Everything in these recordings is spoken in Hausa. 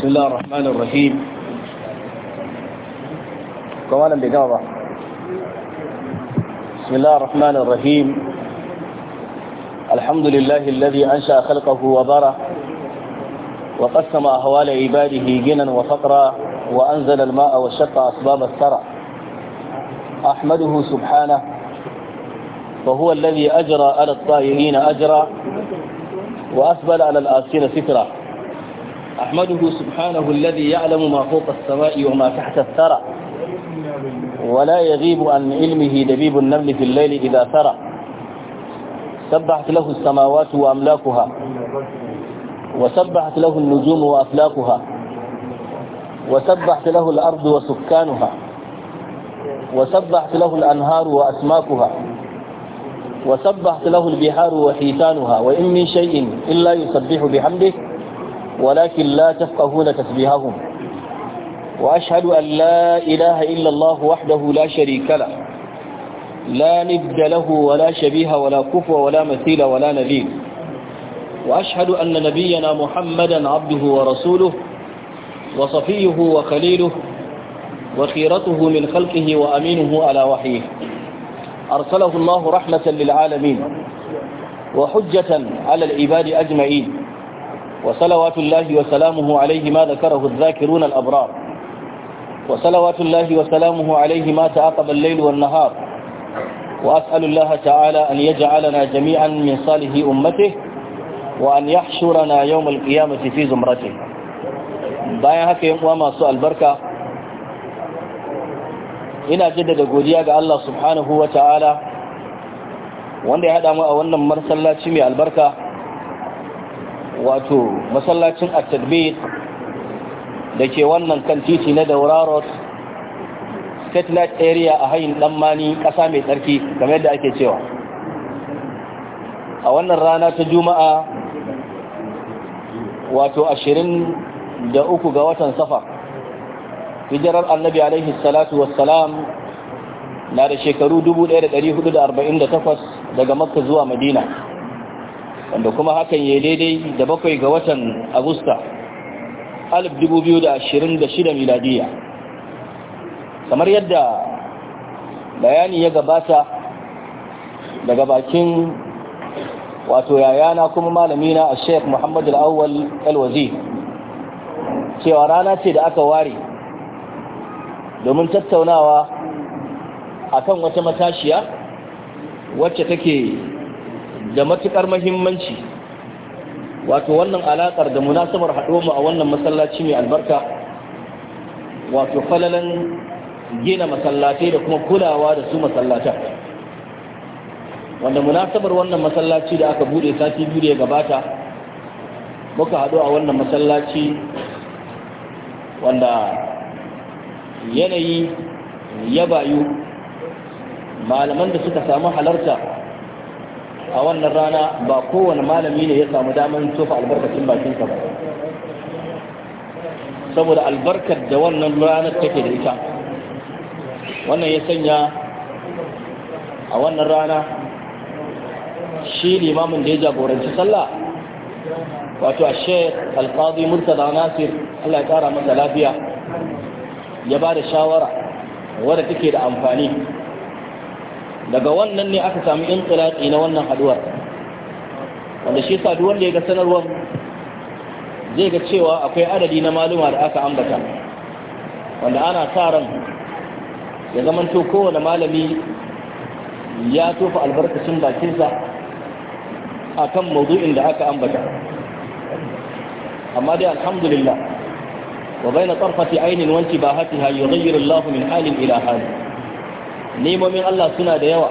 بسم الله الرحمن الرحيم كمان بقاضة بسم الله الرحمن الرحيم الحمد لله الذي أنشأ خلقه وبرى وقسم أهوال عباده جنا وفقرا وأنزل الماء وشق أسباب الثرى أحمده سبحانه وهو الذي أجرى على الطائرين أجرا وأسبل على الآسين سترا أحمده سبحانه الذي يعلم ما فوق السماء وما تحت الثرى ولا يغيب عن علمه دبيب النمل في الليل إذا ثرى سبحت له السماوات وأملاكها وسبحت له النجوم وأفلاكها وسبحت له الأرض وسكانها وسبحت له الأنهار وأسماكها وسبحت له البحار وحيتانها وإن من شيء إلا يسبح بحمده ولكن لا تفقهون تسبيحهم وأشهد أن لا إله إلا الله وحده لا شريك له لا ند له ولا شبيه ولا كفو ولا مثيل ولا نذير وأشهد أن نبينا محمدا عبده ورسوله وصفيه وخليله وخيرته من خلقه وأمينه على وحيه أرسله الله رحمة للعالمين وحجة على العباد أجمعين وصلوات الله وسلامه عليه ما ذكره الذاكرون الأبرار وصلوات الله وسلامه عليه ما تعاقب الليل والنهار وأسأل الله تعالى أن يجعلنا جميعا من صالح أمته وأن يحشرنا يوم القيامة في زمرته bayan haka yin uwa masu albarka ina jaddada godiya ga Allah subhanahu wa ta'ala wanda ya haɗa mu a wannan masallaci mai albarka wato masallacin at-tadbiq da ke wannan kan titi na daura road satellite area a hayin danmani ƙasa mai tsarki game da ake cewa a wannan rana ta juma'a wato ashirin da uku ga watan safa hijirar annabi alaihi salatu wassalam na da shekaru 1448 daga makka zuwa madina wanda kuma hakan ya daidai da bakwai ga watan agusta 2026 miladiya kamar yadda bayani ya gabata daga bakin wato yayana kuma malamina a sheik muhammad al'awwal al-wazi cewa rana ce da aka ware domin tattaunawa akan wata matashiya wacce take da matuƙar mahimmanci wato wannan alaƙar da munasabar haɗo a wannan masallaci mai albarka wato falalan gina masallatai da kuma kulawa da su masallatan wanda munasabar wannan masallaci da aka bude sati biyu da ya gabata muka haɗu a wannan masallaci wanda yanayi ya bayu malaman da suka samu halarta a wannan rana ba kowane malami ne ya samu daman tofa albarkacin bakinsa ba saboda albarkar da wannan ranar take da ita wannan ya sanya a wannan rana shi limamin da ya jagoranci sallah wato a sheik alkazi murtala nasir allah ya tsara masa lafiya ya ba da shawara wadda take da amfani daga wannan ne aka sami intilatsi na wannan haduwar wanda shi sa da ya ga sanarwar zai ga cewa akwai adadi na maluma da aka ambata wanda ana sa ran ya zamanto kowane malami ya tofa albarkacin bakinsa a kan maudu'in da aka ambata amma dai alhamdulillah wa bai na tsarfati ainihin wanci ba hati ha yi min halin ila hali nemomin Allah suna da yawa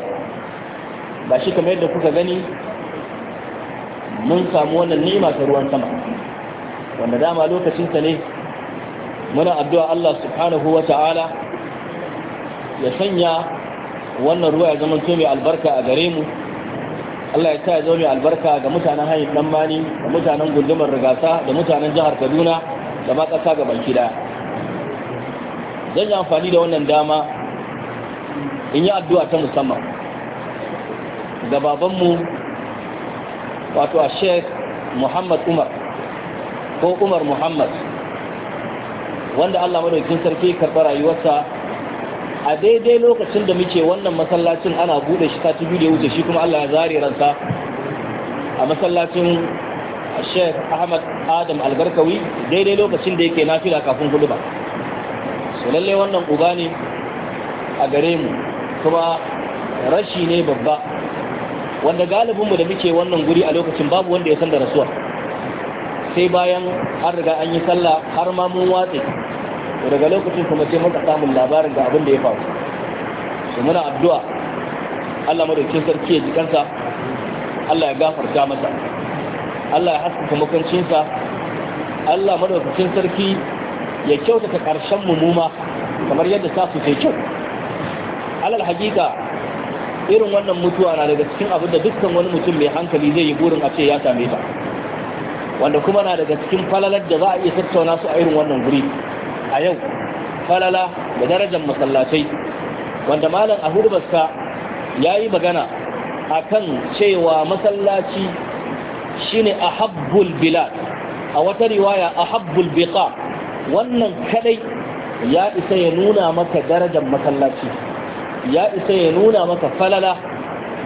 ba shi kamar yadda kuka gani mun samu wannan nema ta ruwan sama wanda dama lokacinsa ne muna addu'a Allah subhanahu wa ta'ala ya sanya wannan ruwa ya zama ma albarka a gare mu Allah ya sa ya zama albarka ga mutanen hanyar ɗan mani da mutanen gundumar rigasa da mutanen jihar kaduna da ma ƙasa ga baki daya zan yi amfani da wannan dama in yi addu'a ta musamman ga babanmu wato a sheik muhammad umar ko umar muhammad wanda allah madaukin sarki karɓar rayuwarsa a daidai lokacin da muke wannan masallacin ana bude shi sati biyu da wuce shi kuma allah ya zare ransa a masallacin sheik ahmad adam albarkawi daidai lokacin da yake nafila kafin hudu ba su lallai wannan uba ne a gare mu kuma rashi ne babba wanda galibinmu da muke wannan guri a lokacin babu wanda ya san da rasuwa sai bayan an riga an yi sallah har ma mun watse daga lokacin kuma sai muka samun labarin ga abin da ya faru su muna addu'a Allah madaukin sarki ya ji kansa Allah ya gafarta masa Allah ya haskaka makancinsa Allah madaukin sarki ya kyautata ƙarshen muma kamar yadda sa su sai kyau alal hakika irin wannan mutuwa na daga cikin abin da dukkan wani mutum mai hankali zai yi burin a ce ya same ta wanda kuma na daga cikin falalar da za a iya tattauna su a irin wannan guri a yau falala da darajar masallatai wanda malam a baska ya yi magana a kan cewa masallaci shine a habbul bilad a wata riwaya a habbul biqa wannan kadai ya isa ya nuna maka darajar masallaci ya isa ya nuna maka falala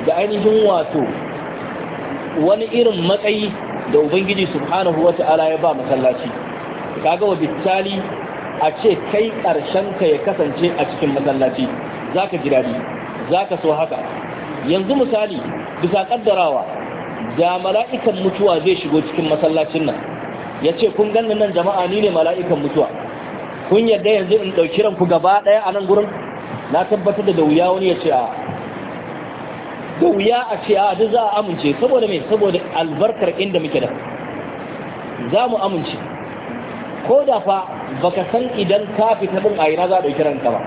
da ainihin wato wani irin matsayi da ubangiji subhanahu wa ta'ala ya ba masallaci kaga wa Bitali a ce kai karshen ka ya kasance a cikin masallaci zaka ji dadi zaka so haka yanzu misali bisa kaddarawa da mala'ikan mutuwa zai shigo cikin masallacin nan ya ce kun ganin nan jama'a ni ne mala'ikan mutuwa kun yarda yanzu in ɗauki ranku gaba ɗaya a nan gurin na tabbatar da wuya wani ya ce a da a ce a duk za a amince saboda me saboda albarkar inda muke da za mu amince ko da fa baka san idan ka fita bin a za a ɗauki ranka ba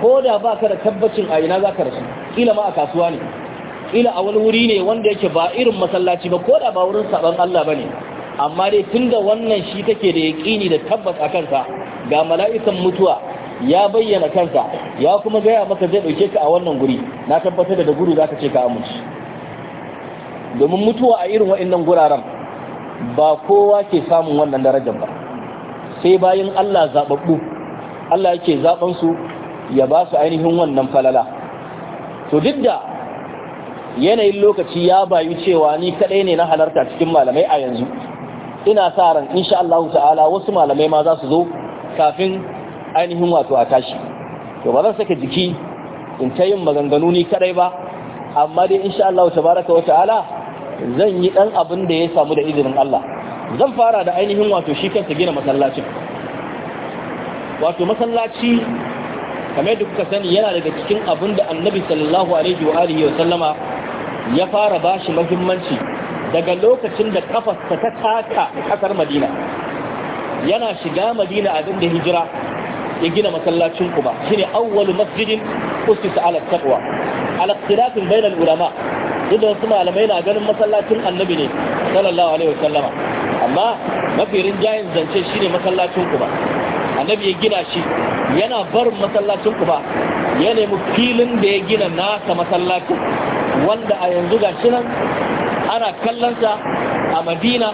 ko da ba ka da tabbacin a za ka rasu ila ma a kasuwa ne ila a wani wuri ne wanda yake ba irin masallaci ba ko da ba wurin saban Allah ba ne amma dai tun da wannan shi take da yaƙini da tabbas a kansa ga mala'ikan mutuwa ya bayyana kanka ya kuma gaya maka zai ɗauke ka a wannan guri na tabbatar da gudu za ka ce ka amince domin mutuwa a irin waɗannan guraren ba kowa ke samun wannan darajar ba sai bayan Allah zaɓaɓɓu Allah yake zaɓan su ya ba su ainihin wannan falala to duk da yanayin lokaci ya bayu cewa ni kaɗai ne na halarta cikin malamai a yanzu ina sa ran insha Allah ta'ala wasu malamai ma za su zo kafin ainihin wato a tashi to ba zan saka jiki in ta yin maganganu ni kadai ba amma dai insha Allah tabaraka wa ta'ala zan yi dan abin da ya samu da izinin Allah zan fara da ainihin wato shi kansa gina masallacin wato masallaci kamar yadda kuka sani yana daga cikin abin da annabi sallallahu alaihi wa alihi wa sallama ya fara bashi muhimmanci daga lokacin da kafasta ta taka kasar Madina yana shiga Madina a da hijira ya gina masallacin ku ba shine awwalu masjidin usisa ala taqwa ala ikhtilafin bainal ulama idan da wasu malamai na ganin masallacin annabi ne sallallahu alaihi wasallama amma mafi rinjayin zance shine masallacin ku ba annabi ya gina shi yana barin masallacin ku ba ya nemi filin da ya gina nasa masallacin wanda a yanzu ga shi nan ana kallon sa. a madina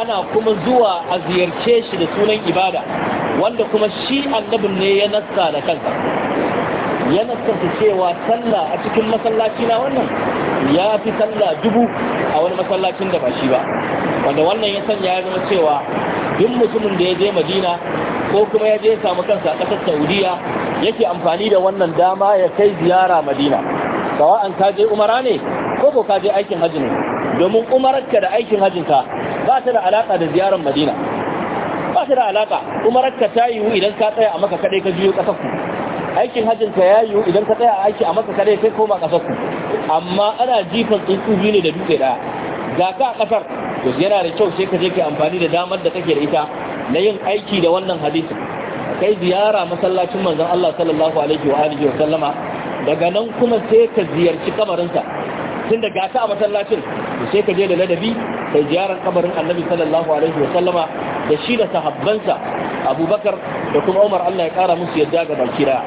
ana kuma zuwa a ziyarce shi da sunan ibada wanda kuma shi annabin ne ya nasta da kansa ya nassarta cewa sallah a cikin masallaci na wannan ya fi sallah dubu a wani masallacin da ba shi ba wanda wannan ya sanya ya zama cewa duk mutumin da ya je madina ko kuma ya je samu kansa a ƙasar saudiya yake amfani da wannan dama ya kai ziyara madina sawa'an ka je umara ne ko ko ka je aikin hajji ne domin umararka da aikin hajjinka ba ta da alaka da ziyarar madina ba ta da alaka umararka ta yiwu idan ka tsaya a maka kadai ka juyo kasar ku aikin hajjinka ya yiwu idan ka tsaya a aiki a maka kadai sai koma kasar ku amma ana jifan tsuntsubi ne da dutse daya ga ka a kasar to yana da kyau sai ka je ka amfani da damar da kake da ita na yin aiki da wannan hadisin kai ziyara masallacin manzon Allah sallallahu alaihi wa alihi wa sallama daga nan kuma sai ka ziyarci kamarinsa. tun da gasa a masallacin da sai ka je da ladabi kai ziyarar kabarin annabi sallallahu alaihi wa sallama da shi da sahabbansa abubakar da kuma umar allah ya kara musu yadda ga baki daya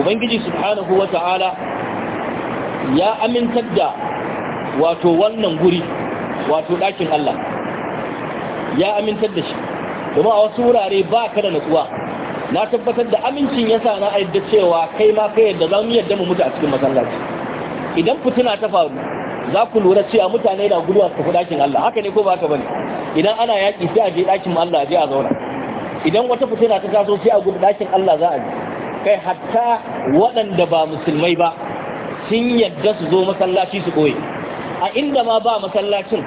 ubangiji subhanahu wa ta'ala ya amintar da wato wannan guri wato ɗakin allah ya amintar da shi kuma a wasu wurare ba ka da natsuwa na tabbatar da amincin yasa na ayyadda cewa kai ma kai yadda za mu yadda mu mutu a cikin masallaci idan fitina ta faru za ku lura cewa mutane da gudu a tafi dakin Allah haka ne ko ba ka bane idan ana yaki sai a je dakin Allah je a zauna idan wata fitina ta taso sai a gudu dakin Allah za a je kai hatta waɗanda ba musulmai ba sun yadda su zo masallaci su koye a inda ma ba masallacin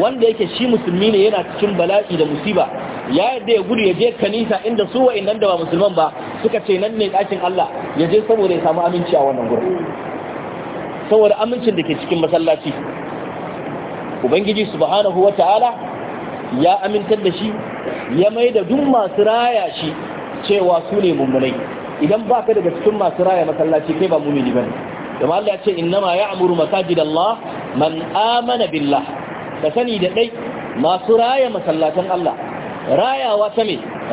wanda yake shi musulmi ne yana cikin bala'i da musiba ya yadda ya gudu ya je kanisa inda su nan da ba musulman ba suka ce nan ne dakin Allah ya je saboda ya samu aminci a wannan gurin saboda amincin da ke cikin masallaci ubangiji subhanahu ta'ala ya amintar da shi ya mai da duk masu raya shi cewa su ne mummunai idan ba ka daga cikin masu raya masallaci kai ba mumini ba da Allah ya ce ma ya amuru masajid Allah man amana billah ka sani da ɗai masu raya masallatan Allah rayawa ta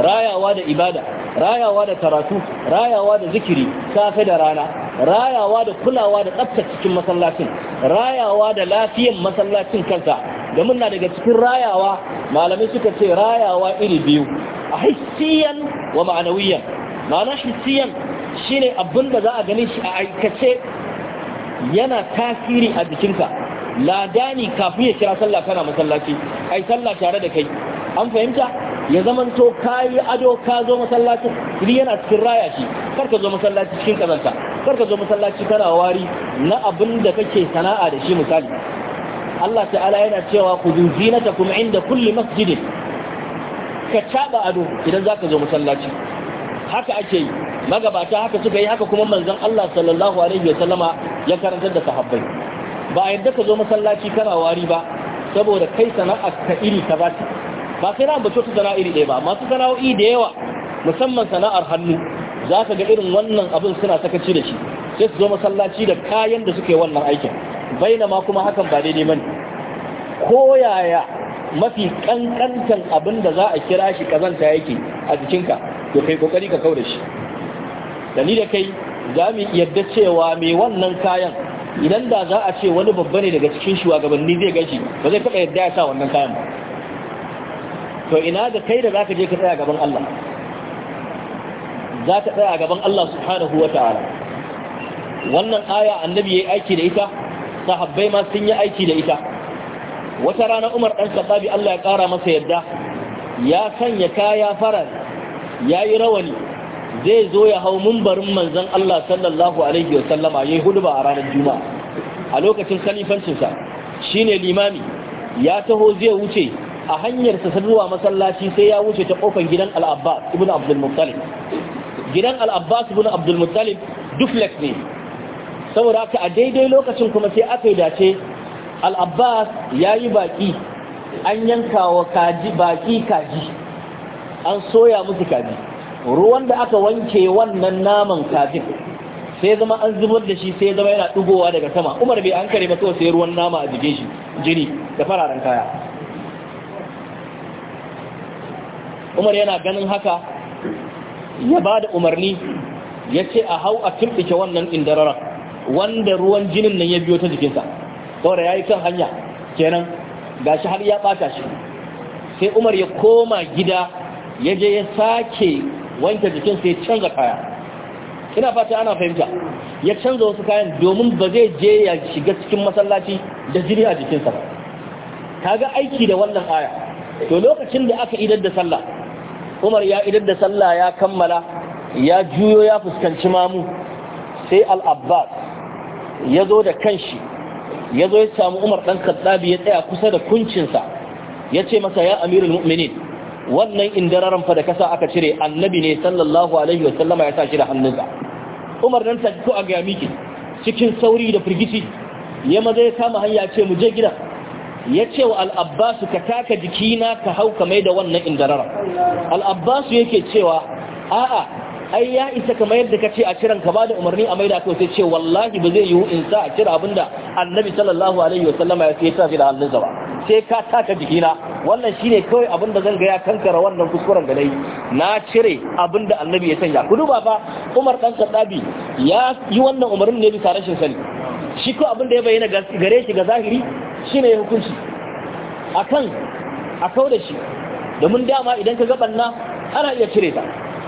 rayawa da ibada rayawa da karatu rayawa da zikiri safe da rana rayawa da kulawa da tsaftar cikin masallacin rayawa da lafiyan masallacin kansa da muna daga cikin rayawa malamai suka ce rayawa iri biyu a hissiyan wa ma'anawiyan ma'ana hissiyan shine abin da za a gani shi a aikace yana tasiri a jikinka ladani kafin ya kira sallah kana masallaci ai sallah tare da kai an fahimta ya zaman to kayi ado ka zo masallaci idan yana cikin raya shi kar ka zo masallaci cikin kazanta kar ka zo masallaci kana wari na abin da kake sana'a da shi misali Allah ta'ala yana cewa ku zinata kuma inda kulli masjidin ka caba ado idan zaka zo masallaci haka ake yi magabata haka suka yi haka kuma manzon Allah sallallahu alaihi wa sallama ya karantar da sahabbai ba a yadda ka zo masallaci kana wari ba saboda kai sana'ar ka iri ta ba ba sai na ambaci wata sana'a iri ɗaya ba masu sana'o'i da yawa musamman sana'ar hannu za ka ga irin wannan abin suna sakaci da shi sai su zo masallaci da kayan da suke wannan aikin baina ma kuma hakan ba daidai bane ko yaya mafi kankantan abin da za a kira shi kazanta yake a jikinka to kai kokari ka kau da ni da kai za mu yadda cewa mai wannan kayan idan da za a ce wani babba ne daga cikin shugabanni zai gashi ba zai taɓa yadda ya sa wannan kayan to ina ga kai da za ka je ka tsaya gaban Allah za ka tsaya gaban Allah subhanahu wa ta'ala wannan aya annabi ya yi aiki da ita sahabbai ma sun yi aiki da ita wata rana Umar dan Khattabi Allah ya kara masa yadda ya sanya kaya farar yi rawani zai zo ya hau mumbarin manzan Allah sallallahu alaihi wasallama hudu hudba a ranar juma'a a lokacin kalifancinsa shi ne limami ya taho zai wuce a hanyar sa masallaci sai ya wuce ta kofar gidan al'abba. ibn Abdul Muttalib gidan alabbas ibn Abdul Muttalib duplex ne saboda haka a daidai lokacin kuma sai aka yi dace al'abba ya yi baki an yanka wa kaji kaji an soya musu kaji ruwan da aka wanke wannan naman kafin sai zama an zubar da shi sai zama yana dugowa daga sama umar bai an kare ba sai ruwan nama a jikin shi jini da fararen kaya umar yana ganin haka ya ba da umarni ya ce a hau a tumɓike wannan indararar wanda ruwan jinin nan ya biyo ta jikinsa da ya yi kan hanya kenan ga shi har ya ɓata shi sai umar ya koma gida ya je ya sake wanke jikin sai canza kaya ina fata ana fahimta ya canza wasu kayan domin ba zai je ya shiga cikin masallaci da jiri a jikinsa ba kaga aiki da wannan aya to lokacin da aka idar da sallah Umar ya idar da sallah ya kammala ya juyo ya fuskanci mamu sai al-Abbas ya zo da kanshi ya zo ya samu Umar dan Khattabi ya tsaya kusa da kuncinsa ya ce masa ya amirul mu'minin wannan indararan fa da kasa aka cire annabi ne sallallahu alaihi wasallama ya sa shi da hannunsa umar nan ko a ga miki cikin sauri da firgici ya maza ya kama hanya ce mu je gida ya ce wa al'abbasu ka taka jikina ka hau ka mai da wannan indararan al'abbasu yake cewa a'a ai ya isa kamar yadda ka ce a kiran ka ba da umarni a maida kawai sai ce wallahi ba zai yiwu in sa a kira abinda annabi sallallahu alaihi wasallama ya sa shi da hannunsa ba sai ka taka jikina wannan shine kawai abinda zan ga ya kankara wannan kuskuren da nayi na cire abin annabi ya sanya ku duba fa Umar dan Kaddabi ya yi wannan umarnin ne bisa rashin sani shi ko abin ya bayyana gare shi ga zahiri shine ya hukunci akan a kau da shi domin dama idan ka na ana iya cire ta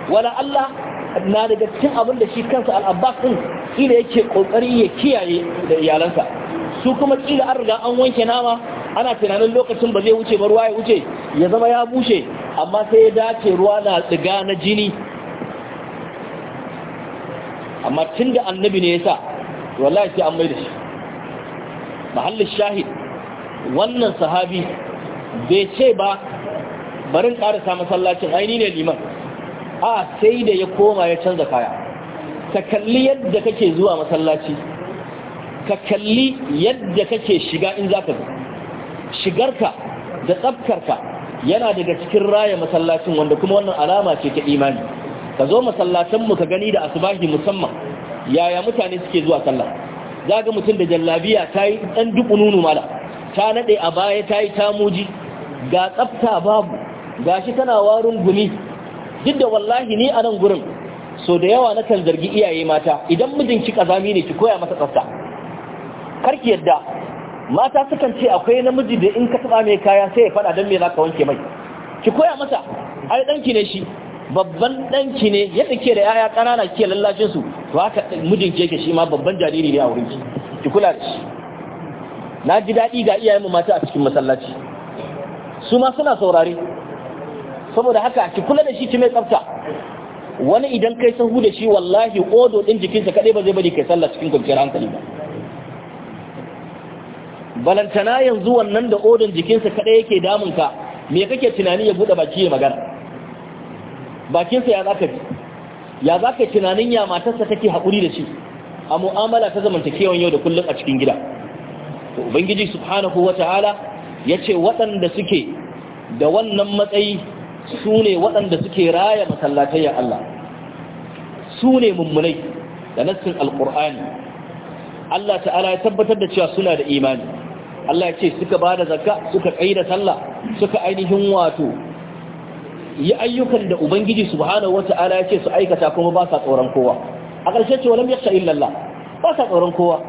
wala Allah na daga cikin abin da shi kansa al-Abbas din shine yake kokari ya kiyaye da iyalansa su kuma kila an riga an wanke nama ana tunanin lokacin ba zai wuce ba ruwa ya wuce ya zama ya bushe amma sai ya dace ruwa na tsiga na jini amma tun da annabi ne ya sa wallahi sai an mai da shi mahallin shahid wannan sahabi bai ce ba barin karasa masallacin aini ne liman a sai da ya koma ya canza kaya ka kalli yadda kake zuwa masallaci ka kalli yadda kake shiga in za ka zo shigarka da tsabkarka yana daga cikin raya masallacin wanda kuma wannan alama ce ta imani ka zo masallacinmu ka gani da asubahi musamman yaya mutane suke zuwa sallah za ga mutum da jallabiya ta yi ɗan duk nunu mala ta naɗe a baya ta yi tamuji ga tsabta babu ga shi tana warin gumi duk da wallahi ni a nan gurin so da yawa nakan zargi iyaye mata idan mijinki ƙazami ne ki koya masa tsafta ki yadda mata sukan ce akwai namiji da in ka taba mai kaya sai ya fada dan me za ka wanke mai ki koya masa ai danki ne shi babban danki ne yadda ke da yaya kanana ke lallashin su to haka mijin ke ke shi ma babban jariri ne a wurin ki ki kula da shi na ji daɗi ga iyayenmu mata a cikin masallaci su ma suna saurare saboda haka ki kula da shi ki mai tsafta wani idan kai sahu da shi wallahi odo din jikinsa kadai ba zai bari kai sallah cikin kwanciyar hankali ba balantana yanzu wannan da odun jikinsa kaɗai yake damunka me kake tunani ya buɗe baki ya magana bakinsa ya za ka ji ya za ka tunanin ya matarsa take haƙuri da shi a mu'amala ta zamantakewan yau da kullum a cikin gida to ubangiji subhanahu ta'ala ya ce waɗanda suke da wannan matsayi su ne waɗanda suke raya masallatayya Allah su ne mummunai da nassin alƙur'ani Allah ta'ala ya tabbatar da cewa suna da imani Allah ya ce suka ba da zakka suka da sallah suka ainihin wato yi ayyukan da ubangiji subhanahu wata'ala ya ce su aikata kuma ba sa tsoron kowa a ƙarshe ce walam yakhsha illallah ba sa tsoron kowa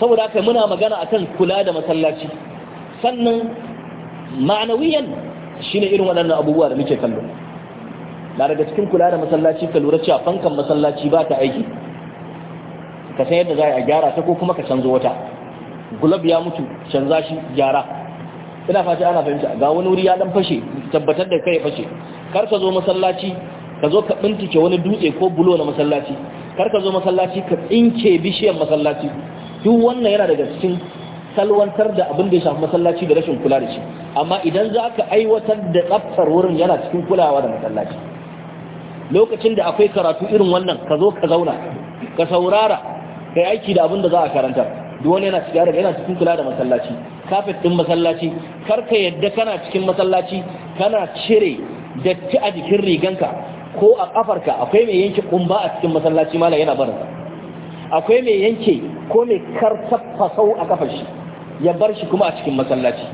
saboda haka muna magana akan kula da masallaci sannan ma'anawiyan shine irin waɗannan abubuwa da muke kallo na daga cikin kula da masallaci ka lura cewa fankan masallaci ba ta aiki ka san yadda za a gyara ta ko kuma ka canzo wata gulab ya mutu canza shi gyara ina fata ana fahimta ga wani wuri ya dan fashe tabbatar da kai fashe kar ka zo masallaci ka zo ka bintike wani dutse ko bulo na masallaci kar ka zo masallaci ka tsinke bishiyar masallaci duk wannan yana daga cikin salwantar da abin da ya shafi masallaci da rashin kula da shi amma idan za ka aiwatar da tsaftar wurin yana cikin kulawa da masallaci lokacin da akwai karatu irin wannan ka zo ka zauna ka saurara ka aiki da abin da za a karanta duk wani yana cikin daga yana cikin kula da masallaci kafet din masallaci kar ka yadda kana cikin masallaci kana cire datti a jikin riganka ko a kafarka akwai mai yanke kumba a cikin masallaci mala yana barin akwai mai yanke ko mai karta sau a kafar shi ya bar shi kuma a cikin masallaci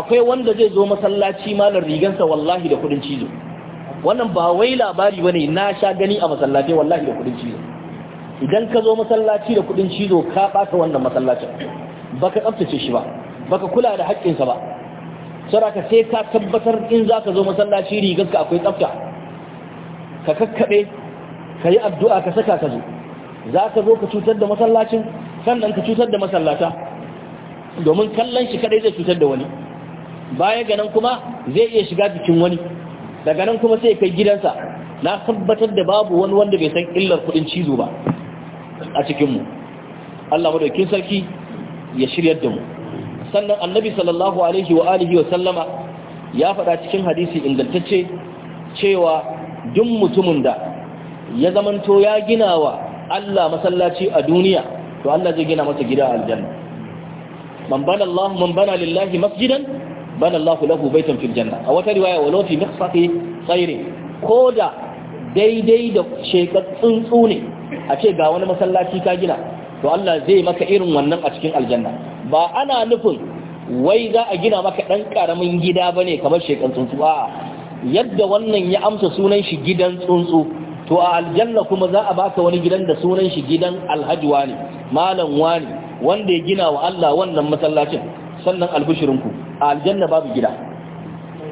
akwai wanda zai zo masallaci malar rigansa wallahi da kudin cizo wannan ba wai labari bane na sha gani a masallaci wallahi da kudin cizo idan ka zo masallaci da kudin cizo ka baka wannan masallacin baka tsaftace shi ba baka kula da haƙƙinsa ba saraka sai ka tabbatar in za ka zo masallaci rigarka akwai tsafta ka kakkabe ka yi addu'a ka saka ka zo za ka zo ka cutar da masallacin sannan ka cutar da masallata domin kallon shi kaɗai zai cutar da wani baya ganin kuma zai iya shiga cikin wani daga nan kuma sai kai gidansa na tabbatar da babu wani wanda bai san illar kuɗin cizo ba a cikinmu Allah madaukin sarki ya shiryar da mu sannan annabi sallallahu alaihi wa alihi wa sallama ya faɗa cikin hadisi ingantacce cewa duk mutumin da ya zamanto ya gina wa Allah masallaci a duniya to Allah zai gina masa gida a aljanna man bana Allah man bana lillahi masjidan bana Allah lahu baitan fil janna a wata riwaya walau fi miqsati khairin koda daidai da shekar tsuntsu ne a ce ga wani masallaci ka gina to Allah zai maka irin wannan a cikin aljanna ba ana nufin wai za a gina maka dan karamin gida bane kamar shekan tsuntsu yadda wannan ya amsa sunan shi gidan tsuntsu to a aljanna kuma za a baka wani gidan da sunan shi gidan alhaji ne, malam wani wanda ya gina wa Allah wannan masallacin sannan ku. a aljanna babu gida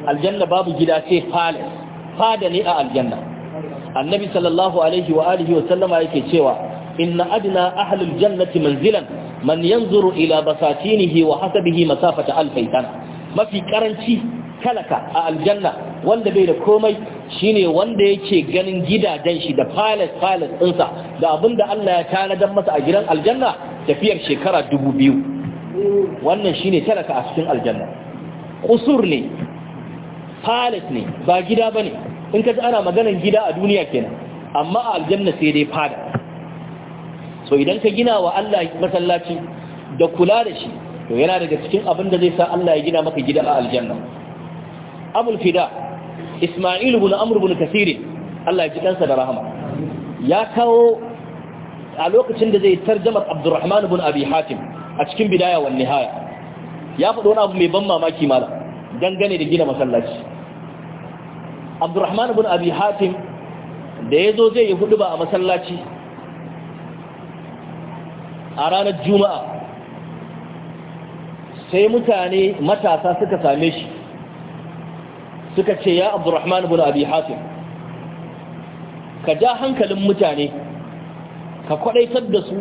aljanna babu gida sai palace fada ne a aljanna annabi sallallahu alaihi wa alihi wa sallama yake cewa inna adna ahlul jannati manzilan man yanzuru ila basatinihi wa hasabihi masafata alfai mafi karanci talaka a aljanna wanda bai da komai shine wanda yake ganin gidajen shi da palace palace ɗinsa da abinda Allah ya tanadar masa a gidan aljanna tafiyar shekara dubu biyu wannan shine talaka a cikin aljanna kusur ne palace ne ba gida bane in ka ji ana maganar gida a duniya kenan amma a aljanna sai dai fada so idan ka gina wa Allah masallaci da kula da shi to yana daga cikin abin da zai sa Allah ya gina maka gida a aljanna abul fida isma'il ibn amr ibn kasir Allah ya ji kansa da rahama ya kawo a lokacin da zai tarjamar abdurrahman ibn abi hatim a cikin bidaya wa nihaya ya faɗo wani abu mai ban mamaki malam, dangane da gina masallaci abdurrahman ibn abi hatim da yazo zai yi hudu ba a masallaci a ranar juma'a sai mutane matasa suka same shi suka ce ya abdurrahman ibn abi hatim ka ja hankalin mutane ka kwadaitar da su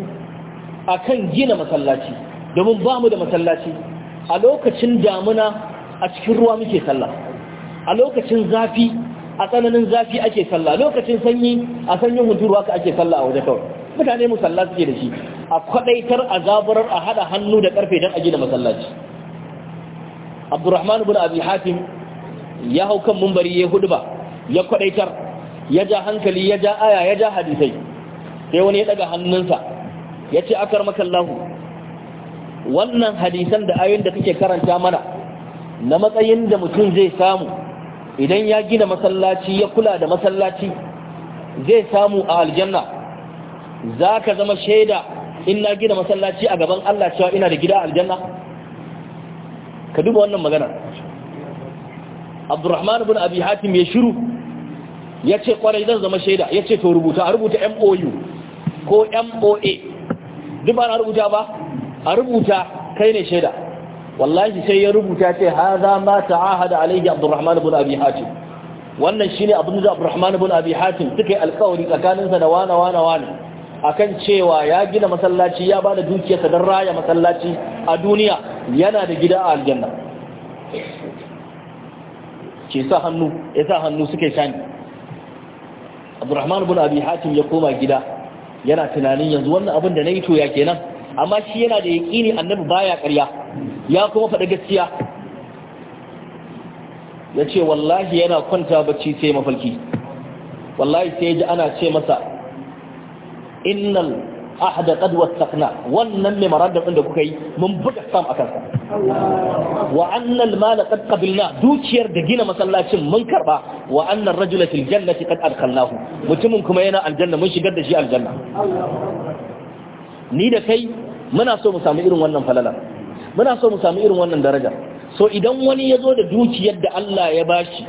akan gina masallaci domin ba mu da masallaci a lokacin damuna a cikin ruwa muke sallah a lokacin zafi a tsananin zafi ake sallah lokacin sanyi a sanyin hunturuwa ka ake sallah a waje kawai mutane musalla suke da shi a kwadaitar a zaburar a hada hannu da karfe don a gina masallaci abdurrahman ibn abi hatim ya hau kan mumbari ya hudu ba ya kwadaitar ya ja hankali ya ja aya ya ja hadisai sai wani ya daga hannunsa ya ce akar makallahu wannan hadisan da ayoyin da kake karanta mana na matsayin da mutum zai samu idan ya gina masallaci ya kula da masallaci zai samu a aljanna za ka zama shaida in na gina masallaci a gaban Allah cewa ina da gida aljanna ka duba wannan magana abdurrahman Bin abi hatim ya shiru ya ce kwarai zan zama shaida ya ce to rubuta a rubuta mou ko moa duk ba na rubuta ba a rubuta kai ne shaida wallahi sai ya rubuta ce hadha ma ta'ahada alaihi abdurrahman ibn abi hatim wannan shine abin da abdurrahman ibn abi hatim suka yi alƙawari tsakanin sa da wana wana wana akan cewa ya gina masallaci ya bada dukiyarsa don raya masallaci a duniya yana da gida a aljanna ke sa hannu ya sa hannu suke shani abdurrahman ibn abi hatim ya koma gida yana tunanin yanzu wannan abin da na yi to ya kenan amma shi yana da yaƙini annabi baya ƙarya ya kuma faɗi gaskiya ya ce wallahi yana kwanta bacci sai mafalki wallahi sai ji ana ce masa innal ahda qad wasaqna wannan ne marar da da kuka yi mun buga sam akan sa wa annal mala qad qabilna dukiyar da gina masallacin mun karba wa annar rajula fil jannati qad adkhalnahu mutumin kuma yana aljanna mun shigar da shi aljanna ni da kai muna so mu samu irin wannan falala muna so mu samu irin wannan daraja so idan wani ya zo da dukiyar da Allah ya bashi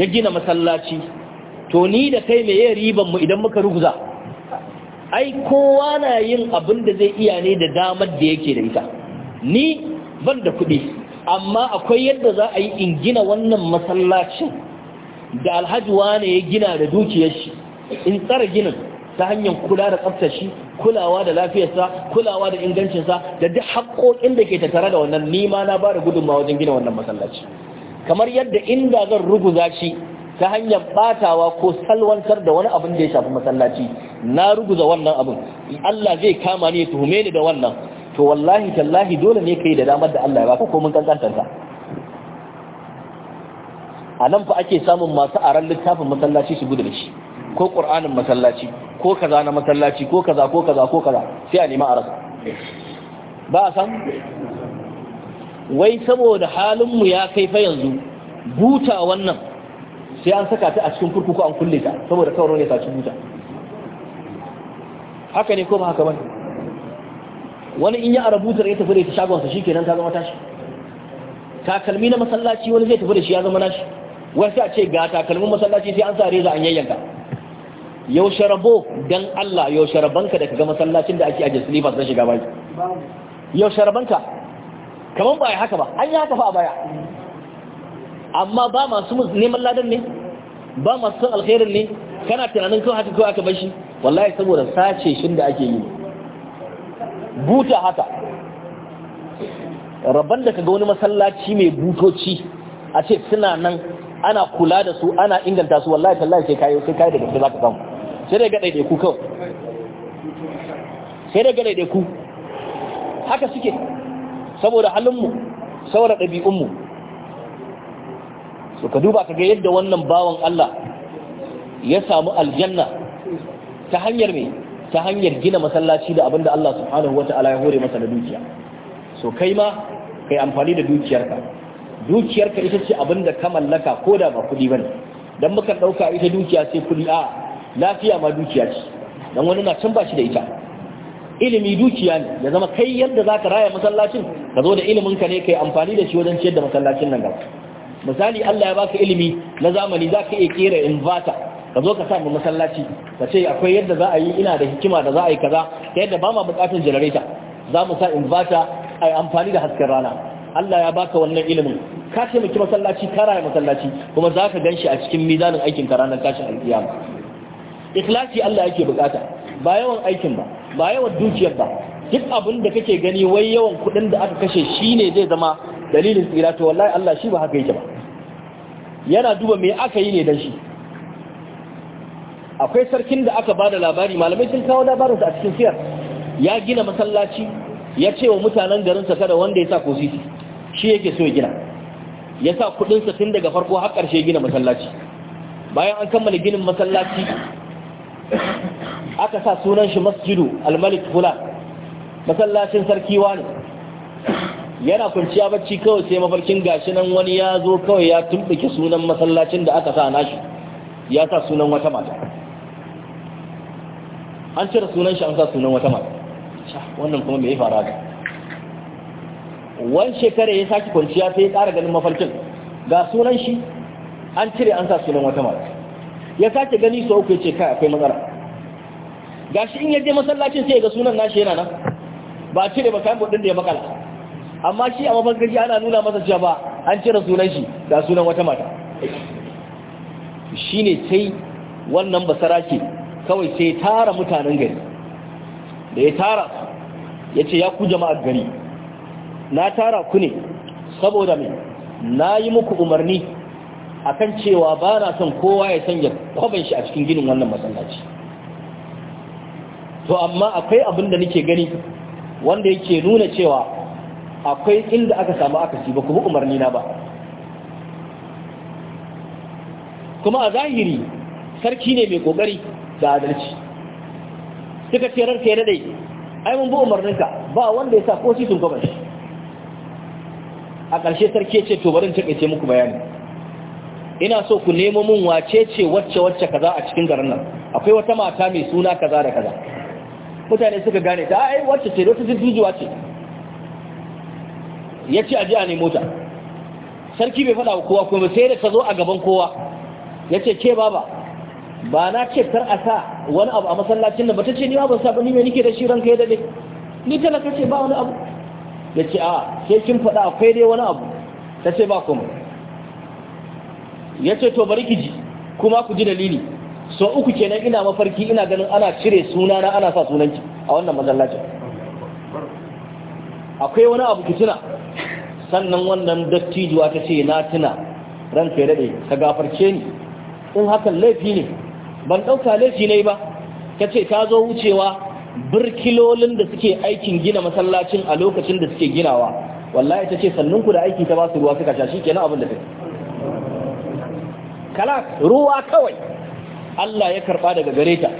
ya gina masallaci to ni da kai me ya riban mu idan muka ruguza ai kowa na yin abin da zai iya ne da damar da yake da ita ni ban da kuɗi amma akwai yadda za a yi in gina wannan masallacin da alhaji wane ya gina da dukiyar shi in tsara ginin ta hanyar kula da tsaftar kulawa da lafiyarsa kulawa da ingancinsa da duk haƙoƙin da ke tattare da wannan nima na ba da gudunmawa wajen gina wannan masallaci kamar yadda inda zan ruguza shi ta hanyar batawa ko salwantar da wani abin da ya shafi masallaci na ruguza wannan abin Allah zai kama ni ya tuhume ni da wannan to wallahi tallahi dole ne kai da damar da Allah ya baka ko mun kankantanta a nan fa ake samun masu aran littafin masallaci su gudu da shi ko ƙur'anin masallaci ko kaza na masallaci ko kaza ko kaza ko kaza sai a nema a ba a san wai saboda halinmu ya kai fa yanzu buta wannan sai an saka ta a cikin kurkuku an kulle ta saboda kawai ne saci buta haka ne ko ba haka ba wani in ya a rubutar ya tafi da ita shagonsa shi kenan ta zama tashi takalmi na masallaci wani zai tafi da shi ya zama nashi wasu a ce ga takalmin masallaci sai an sa reza an yayyanka yaushe rabo dan Allah yaushe sharabanka da ga masallacin da ake ajiye silifa na shiga baki yaushe sharabanka Kamar ba haka ba an yi haka fa a baya amma ba masu neman ladan ne ba masu son alkhairin ne kana tunanin kawai haka kawai aka bar shi wallahi saboda sace shin da ake yi buta haka rabban da kaga wani masallaci mai butoci a ce suna nan ana kula da su ana inganta su wallahi tallahi sai kayo sai kayo daga sai ka samu sai dai ga ɗaiɗaiku kawai sai dai ga ɗaiɗaiku haka suke saboda halinmu saboda ɗabi'unmu su ka duba ka ga yadda wannan bawan Allah ya samu aljanna ta hanyar me ta hanyar gina masallaci da abinda Allah subhanahu wata'ala ya hore masa da dukiya so kai ma kai amfani da dukiyarka dukiyarka ita ce abinda ka mallaka ko da ba kuɗi bane dan muka ɗauka ita dukiya sai kuɗi a lafiya ma dukiya ce dan wani na can ba shi da ita ilimi dukiya ne ya zama kai yadda za ka raya masallacin ka zo da ilimin ka ne kai amfani da shi wajen ciyar da masallacin nan gaba misali Allah ya baka ilimi na zamani za ka iya kera invata ka zo ka samu masallaci ka ce akwai yadda za a yi ina da hikima da za a yi kaza ta yadda ba ma bukatun janareta za mu sa invata a yi amfani da hasken rana Allah ya baka wannan ilimin ka taimaki masallaci ka raya masallaci kuma za ka gan shi a cikin mizanin aikin ka ranar tashin alkiyama ikhlasi Allah yake bukata ba yawan aikin ba ba yawan dukiyar ba duk abin da kake gani wai yawan kuɗin da aka kashe shine zai zama dalilin tsira to wallahi Allah shi ba haka yake ba yana duba me aka yi ne dan shi akwai sarkin da aka bada labari malamai sun kawo labarin a cikin siyar ya gina masallaci ya ce wa mutanen garin sa kada wanda ya sa kositi shi yake so ya gina ya sa kuɗinsa sa tun daga farko har karshe gina masallaci bayan an kammala ginin masallaci aka sa sunan shi masjidu almalik fulan masallacin sarki wani yana kwanciya bacci kawai sai mafarkin gashi nan wani ya zo kawai ya tumɓuke sunan masallacin da aka sa nashi ya sa sunan wata mata an cire sunan shi an sa sunan wata mata wannan kuma mai fara ga wani shekara ya sake kwanciya sai ya ƙara ganin mafarkin ga sunan shi an cire an sa sunan wata mata ya sake gani su uku ce kai akwai matsala gashi in ya masallacin sai ga sunan nashi yana nan ba a cire ba kayan budin da ya makala amma shi a gaji ana nuna masa cewa ba an cire sunan shi da sunan wata mata shi ne sai wannan basara ce kawai sai tara mutanen gari da ya tara ya ce ya ku jama'ar gari na tara ku ne saboda mai na yi muku umarni akan cewa ba na son kowa ya sanya kwaban shi a cikin ginin wannan masallaci to amma akwai abin da nake gani wanda yake nuna cewa akwai inda aka samu akasi ba kuma umarni na ba kuma a zahiri sarki ne mai kokari da adalci suka ce ranka ya dade ai mun bi umarninka ba wanda ya sa ko sun kwaban shi a ƙarshe sarki ya ce to bari takaice muku bayani ina so ku nemo mun wace ce wacce wacce kaza a cikin garin nan akwai wata mata mai suna kaza da kaza mutane suka gane ta ai wacce ce wata jijjiwa ce ya ce aji a ne mota sarki bai faɗa wa kowa kuma sai da ta zo a gaban kowa ya ce ke baba ba na ce kar a sa wani abu a masallacin nan ba ta ce ni ba ban sa ba ni mai nike da shi ranka ya dade ni talaka ce ba wani abu ya ce a sai kin faɗa akwai dai wani abu ta ce ba kuma ya ce to bari ki ji kuma ku ji dalili so uku kenan ina mafarki ina ganin ana cire sunana ana sa sunanki a wannan masallacin akwai wani abu kitina sannan wannan dattijuwa ta ce na tuna ran ya ka gafarce ni in hakan laifi ne ban ɗauka laifi ne ba ta ce ta zo wucewa birkilolin da suke aikin gina masallacin a lokacin da suke ginawa wallahi ta ce sannunku da aiki ta ba su ruwa suka shashi kenan abin da take kala ruwa kawai Allah ya karba daga gare ta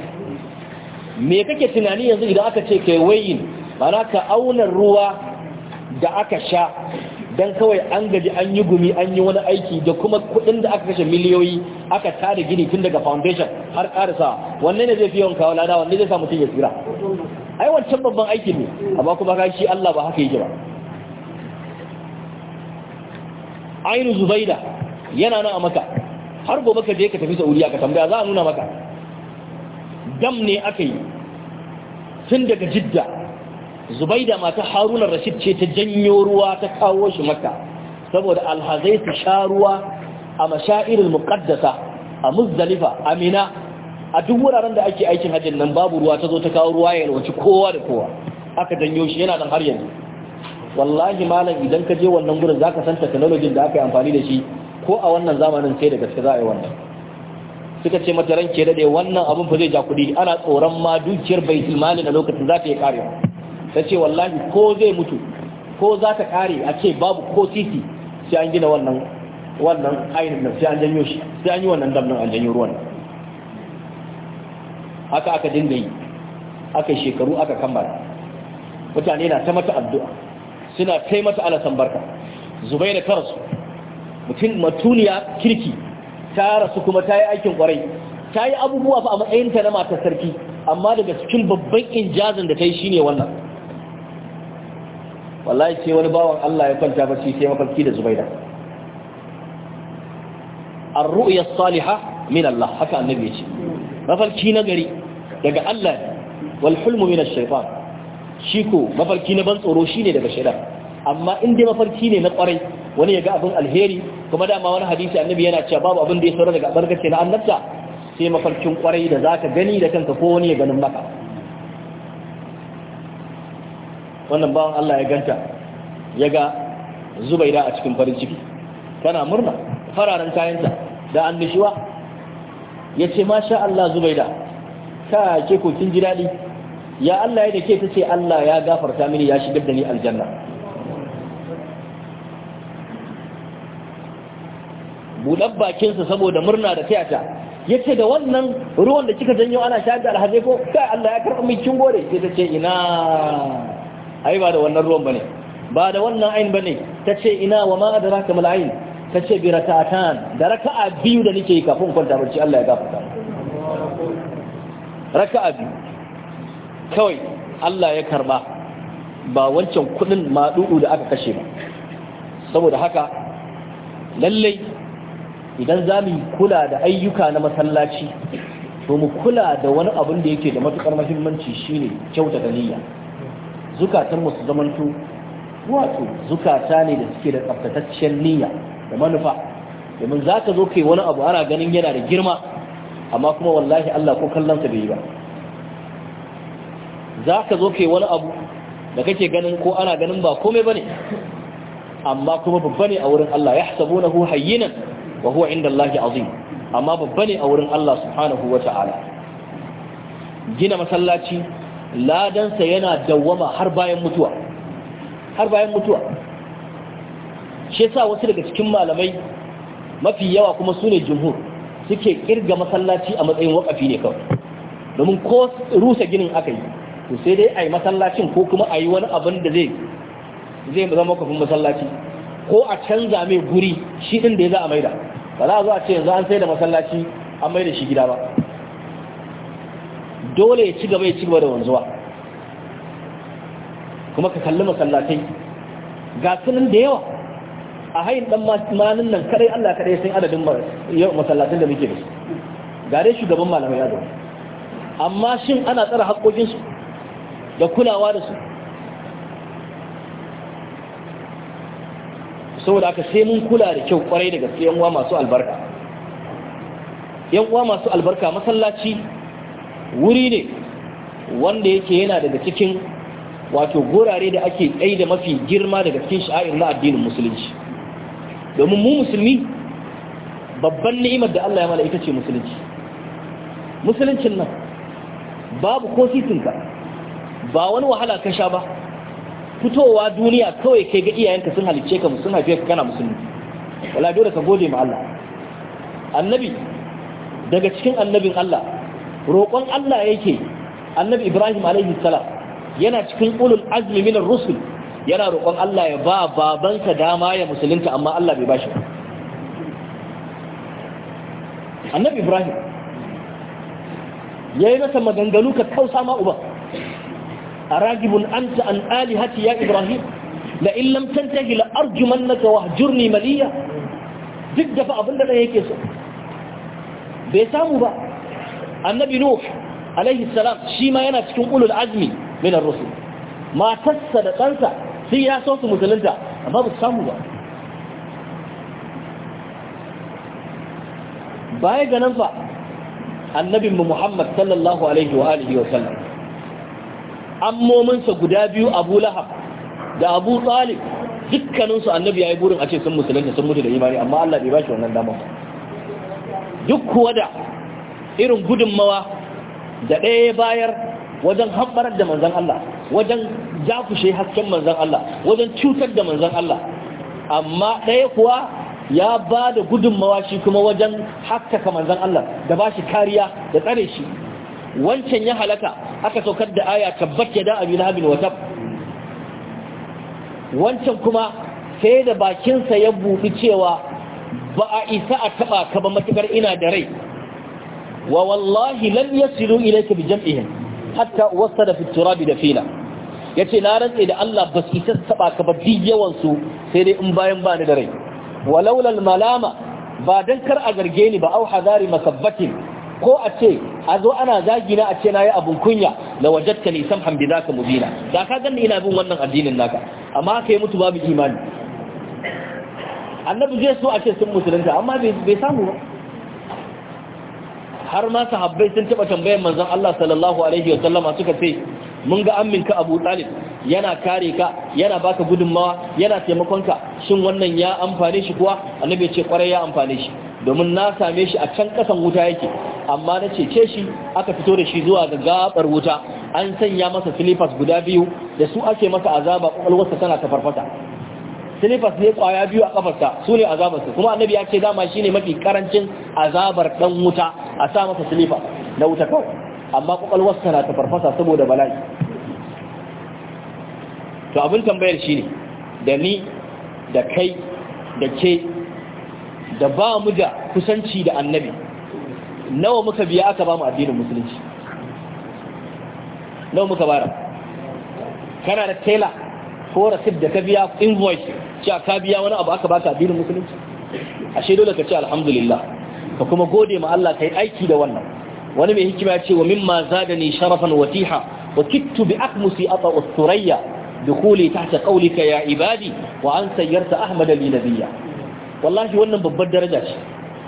me kake tunani yanzu idan aka ce kai wayin bana ka auna ruwa da aka sha dan kawai an gaji an yi gumi an yi wani aiki da kuma kudin da aka kashe miliyoyi aka tare gini tun daga foundation har karisa wanne ne zai fi yawan kawo lada wanne zai sa mutum ya tsira ai wancan babban aiki ne amma kuma ka shi Allah ba haka yake ba ainu zubaida yana nan a maka har gobe ka je ka tafi saudiya ka tambaya za a nuna maka dam ne aka yi tun daga jidda zubaida mata harunan rashid ce ta janyo ruwa ta kawo shi maka saboda alhazai su sha ruwa a mashairin muqaddasa a muzdalifa amina a duk wuraren da ake aikin hajjin nan babu ruwa ta zo ta kawo ruwa ya yalwaci kowa da kowa aka janyo shi yana nan har yanzu wallahi malam idan ka je wannan gurin zaka san technology da aka yi amfani da shi ko a wannan zamanin sai da gaske za a yi wannan suka ce mata ranke daɗe wannan abin fa zai ja kuɗi ana tsoron ma dukiyar bai imani na lokacin za ta yi karewa ta ce wallahi ko zai mutu ko za ta kare a ce babu ko titi sai an gina wannan wannan ainihin nan sai an janyo shi sai an yi wannan dam an janyo ruwan haka aka dinga yi aka yi shekaru aka kammala mutane na ta mata addu'a suna kai mata ala sambarka zubai da karsu mutum matuniya kirki ta rasu kuma ta yi aikin kwarai ta yi abubuwa fa a matsayinta na matar sarki amma daga cikin babban injazin da ta yi ne wannan wallahi ce wani bawan Allah ya kwanta barci sai mafarki da Zubaida ar-ru'ya min Allah haka annabi ce mafarki na gari daga Allah wal hulmu min ash-shaytan shi ko mafarki na ban tsoro shine daga shaytan amma in dai mafarki ne na kwarai wani ya ga abin alheri kuma dama wani hadisi annabi yana cewa babu abin da ya saura daga barkace na annabta sai mafarkin kwarai da zaka gani da kanka ko wani ya ganin maka wannan bawan Allah ya ganta ya ga zubaida a cikin farin ciki tana murna fararen kayanta da annishuwa ya ce masha Allah zubaida ka ke ko kin ji daɗi ya Allah ya da ke ta ce Allah ya gafarta mini ya shigar da ni aljanna buɗar bakinsa saboda murna da tiyata ya ce da wannan ruwan da kika janyo ana shayar da alhazai ko kai Allah ya karɓi mai kin gode sai ta ce ina ai ba da wannan ruwan bane ba da wannan ayin bane ta ce ina wa ma adraka mal ayin ta ce bi rak'atan da raka'a biyu da nake kafin kwanta barci Allah ya gafarta raka'a biyu kawai Allah ya karba ba wancan kudin madu'u da aka kashe ba saboda haka lallai idan za mu kula da ayyuka na masallaci to mu kula da wani abin da yake da matukar mahimmanci shine kyautata niyya zukatan mu su zamanto wato zukata ne da suke da tsaftataccen niyya da manufa domin za ka zo kai wani abu ana ganin yana da girma amma kuma wallahi Allah ko kallonsa bai yi ba za ka zo kai wani abu da kake ganin ko ana ganin ba komai ba ne amma kuma babba ne a wurin Allah ya hasabu na hayyinan wa huwa inda Allahi azim amma babba ne a wurin Allah subhanahu wa ta'ala gina masallaci ladansa yana dawwama har bayan mutuwa har bayan mutuwa shi yasa wasu daga cikin malamai mafi yawa kuma su ne jumhur suke kirga masallaci a matsayin wakafi ne kawai domin ko rusa ginin aka yi to sai dai a yi masallacin ko kuma a yi wani abin da zai zai zama kafin masallaci ko a canza mai guri shi ɗin da ya za a maida ba za a zo a ce yanzu an sai da masallaci an maida shi gida ba dole ya ci gaba ya ci gaba da wanzuwa kuma ka kalli masallatai ga sunan da yawa a hain dan manin nan kadai Allah kadai sun adadin masallatan da muke da su Ga dai shugaban malamai ya zo. amma shin ana tsara su da kulawa da su saboda aka sai mun kula da kyau kwarai da gaske yan uwa masu albarka yan uwa masu albarka masallaci wuri ne wanda yake yana daga cikin wato gorare da ake tsaye da mafi girma daga cikin sha'ir na addinin musulunci domin mu musulmi babban ni'imar da Allah ya mana ita ce musulunci musuluncin nan babu ko sitinka ba wani wahala ka sha ba fitowa duniya kawai kai ga iyayenka sun halicce ka sun haife ka kana musulmi wala dole ka gode ma Allah annabi daga cikin annabin Allah roƙon Allah yake annabi Ibrahim alaihi salam yana cikin ulul azmi min ar-rusul yana roƙon Allah ya ba babansa dama ya musulunta amma Allah bai bashi annabi Ibrahim yayi masa maganganu ka kausa ma uba aragibun anta an alihati ya ibrahim la in lam tantahi la arjumannaka wahjurni maliya duk da fa abin da yake so bai samu ba annabi nuh alaihi salam shi ma yana cikin ulul azmi min ar-rusul matarsa da ɗansa sai ya so musulunta amma ba su samu ba baya ga nan fa annabinmu muhammad sallallahu alaihi wa wa ammominsa guda biyu abu lahab da abu tsalib dukkaninsu annabi ya yi burin a ce sun musulunta sun mutu da imani amma Allah bai ba shi wannan damar duk kuwa da irin gudunmawa da ɗaya bayar wajen haɓarar da manzan Allah wajen jakushe hasken manzan Allah wajen cutar da manzan Allah amma ɗaya kuwa ya ba da gudunmawa shi kuma wajen haskaka manzan Allah da ba shi kariya da tsare shi wancan ya halaka aka saukar da aya tabbat yada abi lahabin wa tab wancan kuma sai da bakinsa ya buɗi cewa ba a isa a taɓa ka ba matukar ina da rai wa wallahi lam yasilu ilayka bi jam'ihim hatta wasada fi turab da fila yace na rantse da Allah ba su taɓa ka ba duk su sai dai in bayan ba ni da rai walaula malama ba dan kar a zarge ni ba au hadari masabbatin ko a ce a zo ana zagina a ce na yi abin kunya la wajadta ni samhan ka mu mubina da ka ganni ina bin wannan addinin naka amma ka yi mutu babu imani annabi zai so a ce sun musulunta amma bai samu ba har ma sahabbai sun taba tambayar manzon Allah sallallahu alaihi wa suka ce mun ga minka Abu Talib yana kare ka yana baka gudunmawa yana taimakon ka shin wannan ya amfane shi kuwa annabi ya ce kwarai ya amfane shi domin na same shi a can kasan wuta yake amma na cece shi aka fito da shi zuwa ga gabar wuta an sanya masa silifas guda biyu da su ake masa azaba kwakwalwarsa tana ta farfata silifas ne kwaya biyu a kafarsa su ne azabarsa kuma annabi ya ce dama shi ne mafi karancin azabar dan wuta a sa masa silifa na wuta kawai amma kwakwalwarsa na ta farfata saboda bala'i to abin tambayar shi ne da ni da kai da ke da ba mu da kusanci da annabi nawa muka biya aka ba mu addinin musulunci nawa muka bara kana da tela ko rasid da ka biya invoice cewa ka biya wani abu aka baka addinin musulunci ashe dole ka ce alhamdulillah ka kuma gode ma Allah kai aiki da wannan wani mai hikima ce wa mimma zadani sharafan watiha wa kittu bi akmusi ata usturayya dukuli tahta qawlika ya ibadi wa an sayyarta ahmada li nabiyya wallahi wannan babbar daraja ce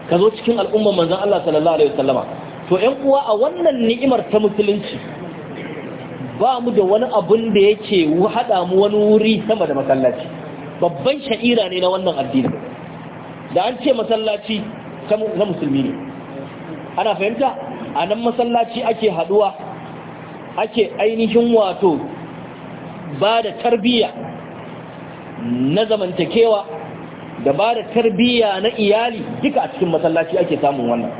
ka zo cikin al'ummar manzan Allah sallallahu alaihi wasallama to ƴan uwa a wannan ni'imar ta musulunci ba mu da wani abun da yake hada mu wani wuri sama da masallaci babban sha'ira ne na wannan addini da an ce masallaci na musulmi ne ana fahimta a nan masallaci ake haduwa ake ainihin wato ba da tarbiyya na zamantakewa da ba da tarbiyya na iyali duka a cikin masallaci ake samun wannan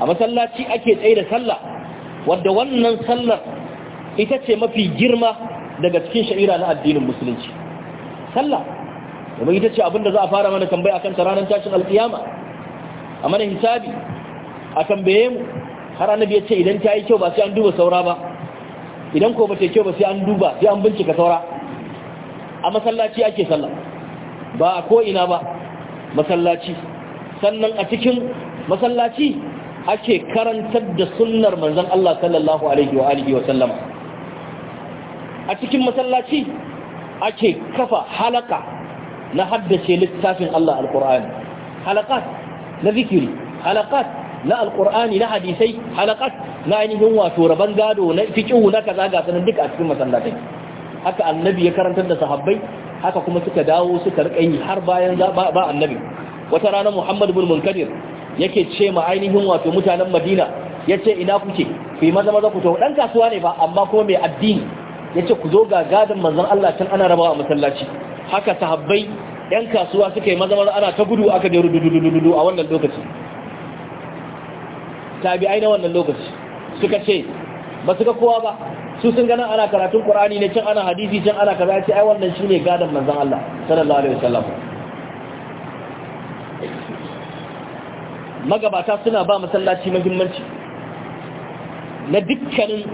a masallaci ake tsaye da sallah wadda wannan sallar ita ce mafi girma daga cikin sha'ira na addinin musulunci sallah domin ita ce abinda za a fara mana tambaya akan ta tashin alkiyama a mana hisabi a tambaye mu har annabi ya ce idan ta yi kyau ba sai an duba saura ba idan ko ba ta yi kyau ba sai an duba sai an bincika saura a masallaci ake sallah ba a ko'ina ba masallaci sannan a cikin masallaci ake karantar da sunnar manzan Allah sallallahu Alaihi wa Alihi wa sallama a cikin masallaci ake kafa halaka na haddace littafin Allah al-Qur'ani halakat na zikiri halakat na al na hadisai halakat na ainihin wato rabon gado na fikihu na kaza ga sanar duka a cikin masallatai haka annabi ya karantar da sahabbai haka kuma suka dawo suka rika yi har bayan ba annabi wata rana Muhammad bin Munkadir yake ce ma ainihin wato mutanen Madina yace ina kuke ku maza maza ku to dan kasuwa ne ba amma kuma mai addini yace ku zo ga gadon manzon Allah tun ana rabawa masallaci haka sahabbai yan kasuwa suka yi maza maza ana ta gudu aka je rududududu a wannan lokaci tabi'ai na wannan lokaci suka ce ba su ga kowa ba su sun ganin ana karatun qur'ani ne can ana hadisi can ana kaza ce ai wannan shine gadan manzon Allah sallallahu alaihi wasallam magabata suna ba masallaci muhimmanci na dukkanin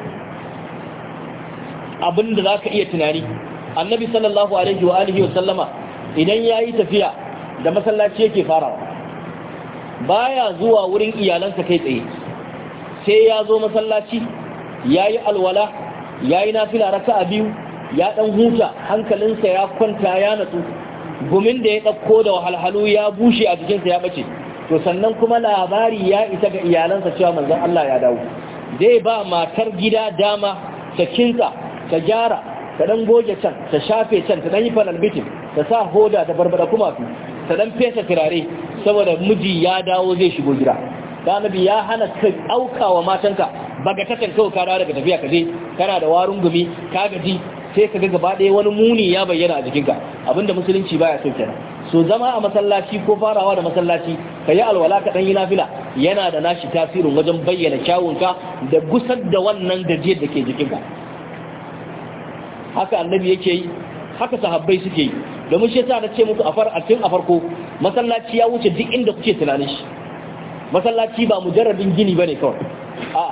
abin da zaka iya tunani annabi sallallahu alaihi wa alihi wa sallama idan yayi tafiya da masallaci yake farawa baya zuwa wurin iyalansa kai tsaye sai ya zo masallaci ya yi alwala ya yi nafila raka a biyu ya ɗan huta hankalinsa ya kwanta ya natsu gumin da ya ɗauko da wahalhalu ya bushe a jikinsa ya ɓace to sannan kuma labari ya isa ga iyalansa cewa manzon Allah ya dawo zai ba matar gida dama ta kinsa ta gyara ta dan goge can ta shafe can ta dan yi fanal bitin ta sa hoda ta barbada kuma ta dan fesa turare saboda miji ya dawo zai shigo gida da ya hana ka auka wa matanka baga takan kawai kara daga tafiya ka je kana da warin gumi ka gaji sai ka ga gaba ɗaya wani muni ya bayyana a jikinka abinda musulunci baya so kenan so zama a masallaci ko farawa da masallaci ka yi alwala ka ɗan yi nafila yana da nashi tasirin wajen bayyana kyawunka da gusar da wannan gajiyar da ke jikinka haka annabi yake yi haka sahabbai suke yi domin shi yasa na ce muku a a farko masallaci ya wuce duk inda kuke tunanin shi masallaci ba mujarradin gini ba ne kawai a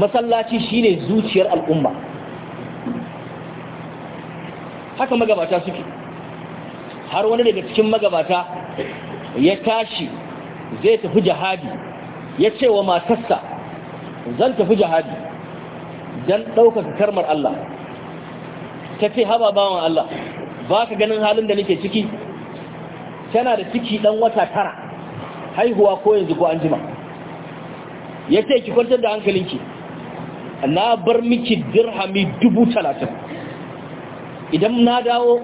masallaci shine zuciyar al'umma haka magabata suke har wani daga cikin magabata ya tashi zai tafi jihadi ya ce wa matarsa zan tafi jihadi don ɗaukaka karmar Allah ta ce haba bawan Allah ba ka ganin halin da nake ciki tana da ciki ɗan wata tara haihuwa ko yanzu ko an jima ya ce ki kwantar da hankalinki na bar miki dirhami dubu talatin idan na dawo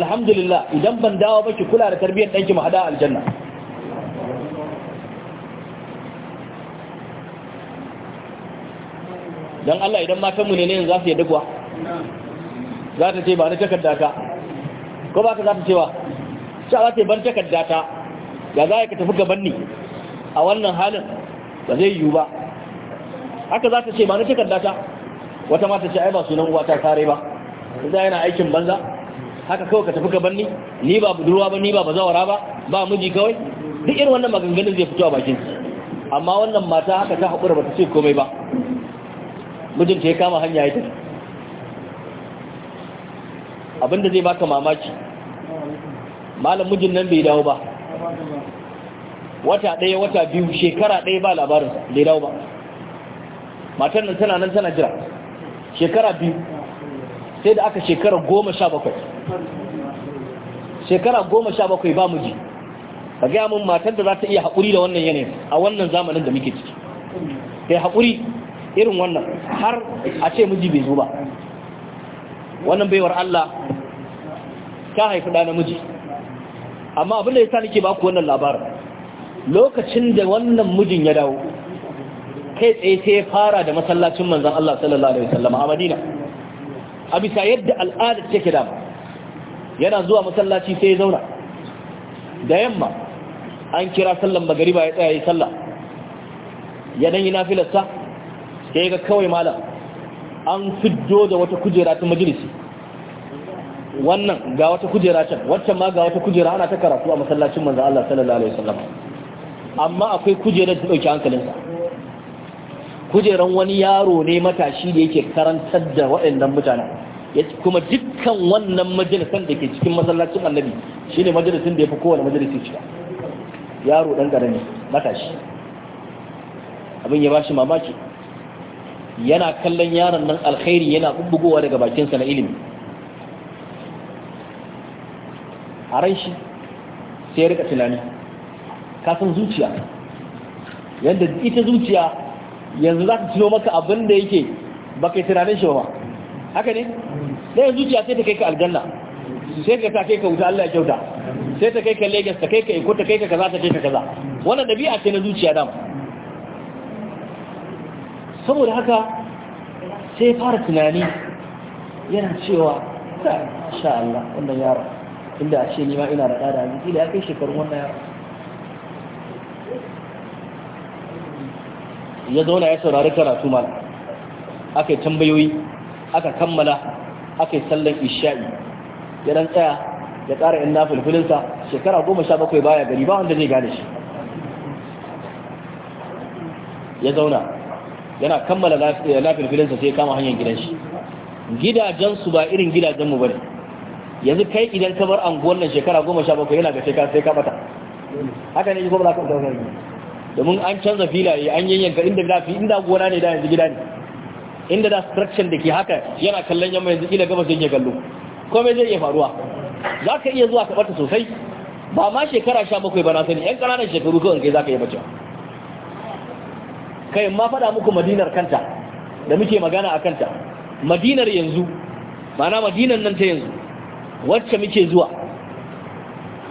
alhamdulillah idan ban dawo ba ki kula da tarbiyyar ɗanki ma hada aljanna don Allah idan matanmu ne ne za su yi kuwa za ta ce ba ni takardata, ko ba ka za ta ce ba? ta za ta ban takardata? ya za ka tafi gaban ni a wannan halin ba zai yiwu ba haka za ta ce ba na takarda data wata mata ce ai ba sunan uwa ta kare ba da yana aikin banza haka kawai ka tafi gaban ni ni ba budurwa ba ni ba zawara ba ba miji kawai duk irin wannan maganganun zai fito a bakin amma wannan mata haka ta haƙura ba ta ce komai ba mijinta ya kama hanya ya tafi abinda zai baka mamaki malam mijin nan bai dawo ba wata ɗaya wata biyu shekara ɗaya ba labarinsa da dawo ba matan nan tana nan tana jira shekara biyu sai da aka shekara goma sha bakwai shekara goma sha bakwai ba muji ji gaya mun matan da za ta iya haƙuri da wannan yanayin a wannan zamanin da muke ciki da ya haƙuri irin wannan har a ce muji bai zo ba wannan baiwar Allah ta haifi ɗa namiji amma abin da ya yasa nake baku wannan labarin lokacin da wannan mijin ya dawo kai tsaye sai ya fara da masallacin manzan Allah sallallahu alaihi wasallam a Madina a bisa yadda al'ada take da yana zuwa masallaci sai ya zauna da yamma an kira sallan magariba ya tsaya yi sallah ya dan yi nafilarsa sai ga kawai malam an fiddo da wata kujera ta majalisi wannan ga wata kujera can waccan ma ga wata kujera ana ta karatu a masallacin manzo Allah sallallahu alaihi wasallam amma akwai kujera da dauki hankalinsa kujeran wani yaro ne matashi da yake karantar da waɗannan mutanen kuma dukkan wannan majalisan da ke cikin masallacin annabi shine majalisin da ya fi kowane majalisi cika yaro ɗan ƙarami matashi abin ya bashi mamaki yana kallon yaron nan alkhairi yana bubbugowa daga bakinsa na ilimi a ran shi sai ya rika tunani kasan zuciya yadda ita zuciya yanzu za ta tuno maka abin da yake ba kai tunanin shi ba haka ne ɗaya zuciya sai ta kai ka aljanna sai ka ta kai ka wuta Allah ya kyauta sai ta kai ka Legas, ta kai ka iko ta kai ka kaza ta kai ka kaza wannan ɗabi'a ce na zuciya dama saboda haka sai fara tunani yana cewa sha Allah wannan yaron inda a ce ni ma ina da ɗada yanzu da ya kai shekarun wannan yaro ya zauna ya saurari karatu ma. aka yi tambayoyi aka kammala aka yi sallan isha'i ya dan tsaya ya tsara in nafulfulinsa shekara goma sha bakwai baya gari ba wanda zai gane shi ya zauna yana kammala filinsa sai kama hanyar gidan shi gidajensu ba irin gidajenmu ba ne yanzu kai idan ka bar anguwan nan shekara goma sha bakwai yana ga sai ka sai ka bata haka ne ko ba za ka ne domin an canza filaye an yanyanka inda da fi inda gona ne da yanzu gida ne inda da structure da ke haka yana kallon yamma yanzu kila sai ke kallo komai zai iya faruwa za ka iya zuwa ka bata sosai ba ma shekara sha bakwai ba na sani yan ƙananan shekaru kawai kai za ka iya bacewa kai ma faɗa muku madinar kanta da muke magana a kanta madinar yanzu ma'ana madinar nan ta yanzu wacce muke zuwa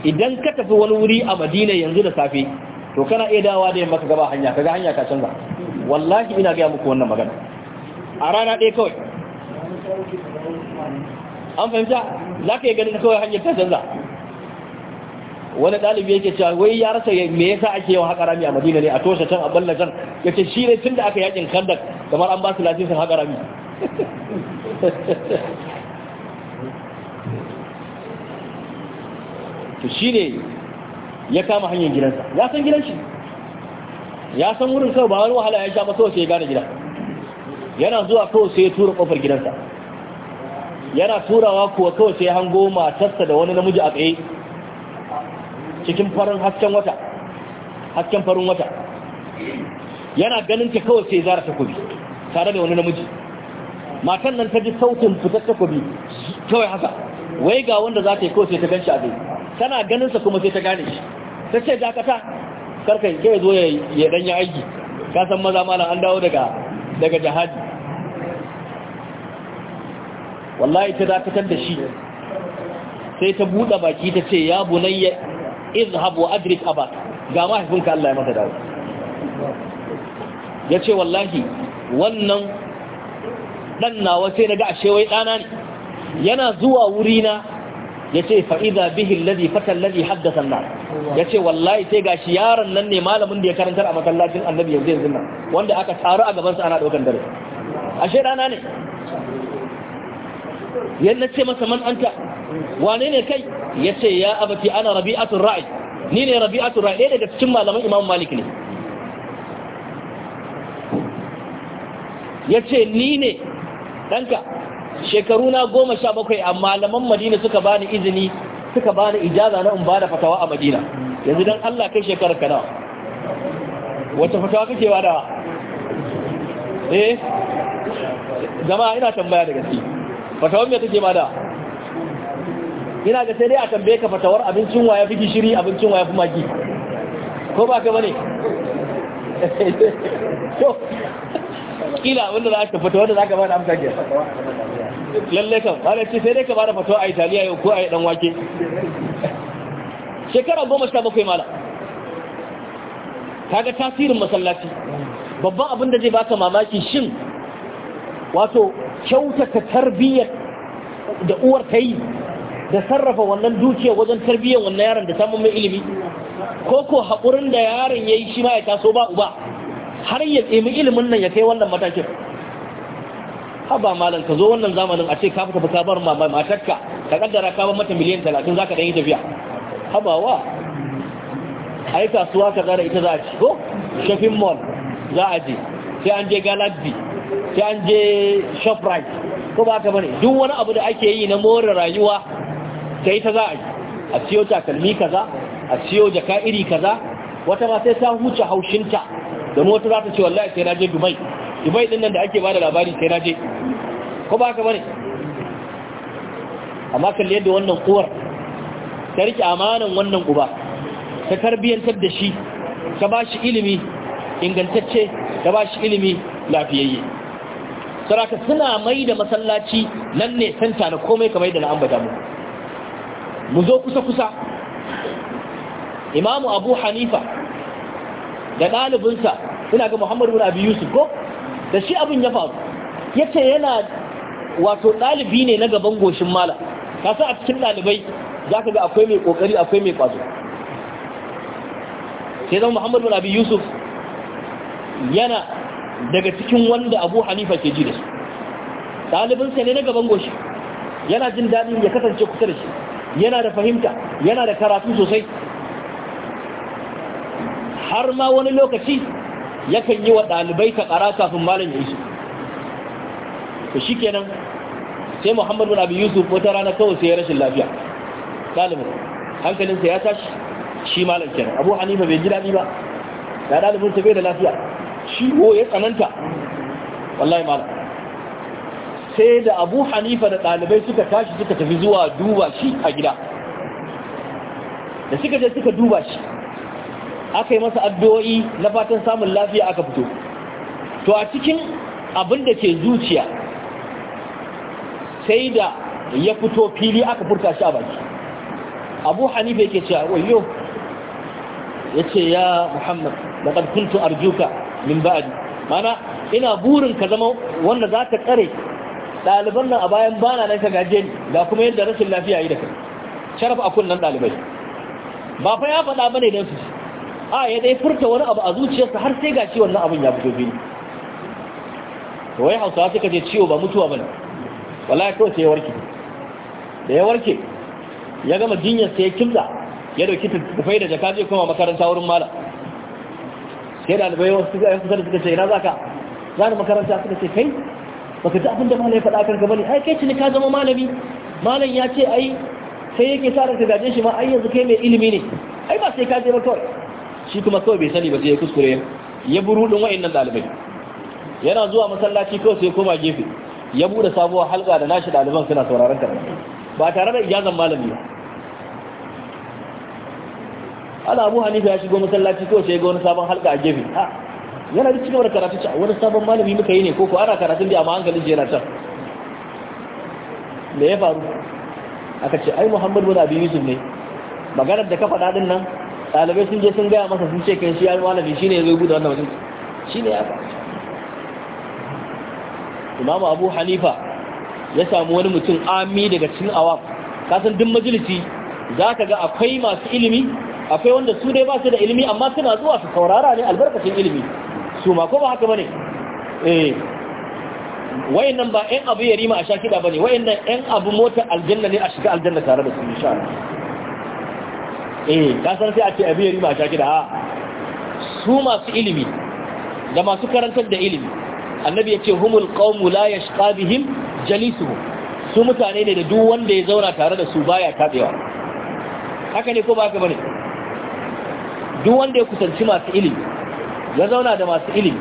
idan ka tafi wani wuri a madina yanzu da safe to kana iya dawa da yamma ka gaba hanya kaga hanya ta canza wallahi ina gaya muku wannan magana a rana ɗaya kawai an fahimta za ka yi ganin kawai hanyar ta canza wani ɗalibi yake cewa wai ya rasa me yasa ake yawan haƙa rami a madina ne a toshe can a balla can ya ce shi ne tun da aka yakin kandak kamar an ba su lasisin haƙa rami to shi ne ya kama hanyar gidansa ya san gidan shi ya san wurin kawai ba wani wahala ya sha ba kawai sai ya gane gida yana zuwa kawai sai ya tura kofar gidansa yana turawa kuwa kawai sai hango matarsa da wani namiji a tsaye cikin farin hasken wata hasken farin wata yana ganin ta kawai sai zara takobi tare da wani namiji matan nan ta ji sautin fitar takobi kawai haka wai ga wanda za ta yi kawai sai ta ganshi a zai tana ganin sa kuma sai ta gane shi ta ce dakata karkai ke zo ya dan ya aiki ka san maza malam an dawo daga jihadi wallahi ta dakatar da shi sai ta buɗe baki ta ce ya bunayya izhab wa adrik aba ga mahaifinka Allah ya mata dawo ya ce wallahi wannan ɗan nawa sai na ga ashe wai ɗana ne yana zuwa wurina ya ce fa'iza bihin ladi fatan ladi haddasa nan ya ce wallahi sai gashi yaron nan ne malamin da ya karantar a masallacin annabi yanzu yanzu nan wanda aka taru a gabansu ana ɗaukan dare ashe rana ne yadda ce masa man anta wane ne kai ya ce ya abati ana rabi'atun ra'i ni ne rabi'atun ra'i ɗaya daga cikin malaman imam malik ne ya ce ni ne ɗanka shekaru na goma sha bakwai amma malaman madina suka bani izini suka bani ijaza na in bada fatawa a madina yanzu don allah kai shekarar ka nawa wata fatawa kake ba da eh zama ina tambaya da gaske fatawar mai kake ba da ina ga sai dai a tambaye ka fatawar abincin waya fi gishiri abincin waya fi magi ko ba ka bane kila wanda za ka fito wanda za ka ba da amsa ke lalle kan ba da ce sai dai ka ba da fito a italiya yau ko a yi dan wake shekara goma sha bakwai mala Ta ga tasirin masallaci babban abin da zai baka mamaki shin wato kyautata tarbiyyar da uwar ta yi da sarrafa wannan dukiya wajen tarbiyyar wannan yaron da samun mai ilimi ko ko haƙurin da yaron ya yi shi ma ya taso ba uba har ya tsemi ilimin nan ya kai wannan matakin haba malam ka zo wannan zamanin a ce ka fita ka bar matarka ka kaddara ka mata miliyan talatin za ka yi tafiya haba wa ai kasuwa ka zara ita za a ci ko shafin mall za a je sai an je galaxy sai an je shoprite ko ba ka bane duk wani abu da ake yi na more rayuwa sai ta za a yi a siyo takalmi kaza a siyo jaka iri kaza wata ma sai ta huce haushinta da wata za ta ce wallahi sai na je dubai dubai din nan da ake bada labari sai na je ko ba ka bane amma kalli yadda wannan uwar ta rike amanan wannan uba ta tarbiyyantar da shi ta ba shi ilimi ingantacce ta ba shi ilimi lafiyayye saraka suna mai da masallaci nan ne santa na komai kamar da na ambata mu mu zo kusa kusa imamu abu hanifa da ɗalibinsa ina ga muhammadu bin abi yusuf ko da shi abin ya faru ya ce yana wato ɗalibi ne na gaban goshin mala ka san a cikin ɗalibai za ka ga akwai mai ƙoƙari akwai mai ƙwazo sai zama muhammadu bin abi yusuf yana daga cikin wanda abu hanifa ke ji da su ɗalibinsa ne na gaban goshi yana jin daɗin ya kasance kusa da shi yana da fahimta yana da karatu sosai har ma wani lokaci yakan yi wa ɗalibai ta ƙara kafin malam ya iso to shi kenan sai muhammadu bin yusuf wata rana kawai sai ya rashin lafiya ɗalibin hankalinsa ya tashi shi malam kenan abu hanifa bai ji daɗi ba da ɗalibin ta bai da lafiya shi ko ya tsananta wallahi malam sai da abu hanifa da ɗalibai suka tashi suka tafi zuwa duba shi a gida da suka je suka duba shi aka yi masa addu'o'i na fatan samun lafiya aka fito to a cikin abin da ke zuciya sai da ya fito fili aka furta shi a baki abu hanifa yake cewa wayo ya ce ya muhammad da ƙarfintu arjuka min ba'adi mana ina burin ka zama wanda za ka tsare ɗaliban nan a bayan bana nan ka gaje ni kuma yadda rashin lafiya yi da kai sharaf a kunnan ɗalibai ba fa ya faɗa bane don su a ya dai furta wani abu a zuciyarsa har sai gashi wannan abin ya fito bini to wai hausawa suka ce ciwo ba mutuwa bane wallahi kawai sai ya warke da ya warke ya gama jinyar sai ya kimza ya dauki tufai da jaka zai koma makaranta wurin mala sai da albai wasu ga kusa da suka ce ina zaka za ni makaranta suka ce kai baka ji abin da malai faɗa gaba ne. ai kai ne ka zama malami malam ya ce ai sai yake sa ranka gaje shi ma ai yanzu kai mai ilimi ne ai ba sai ka je ba kawai shi kuma kawai bai sani ba sai ya kuskure ya buru din wa'annan dalibai yana zuwa masallaci kawai sai koma gefe ya bude sabuwar halka da nashi daliban suna sauraron karatu ba tare da ijazan malami ba ana abu hanifa ya shigo masallaci kawai sai ga wani sabon halka a gefe ha yana da cikin karatu a wani sabon malami muka yi ne ko ko ana karatun da amma hankalin shi yana can me ya faru aka ce ai muhammad wani abin yusuf ne maganar da ka faɗa din nan ɗalibai sun je sun gaya masa sun ce kan shi ya malami shi ne ya zo gudu wannan mutum shi ne ya ba imamu abu hanifa ya samu wani mutum ami daga cikin awam kasan duk majalisi za ka ga akwai masu ilimi akwai wanda su dai ba su da ilimi amma suna zuwa su saurara ne albarkacin ilimi su ma ko ba haka bane eh nan ba ɗan abu yarima a sha kiɗa bane nan ɗan abu mota aljanna ne a shiga aljanna tare da su insha Allah eh kasar sai a ce abin riba sha kida su masu ilimi da masu karantar da ilimi annabi ya ce humul qawmu la yashqa bihim jalisuhum su mutane ne da duk wanda ya zauna tare da su baya tabewa haka ne ko ba haka bane duk wanda ya kusanci masu ilimi ya zauna da masu ilimi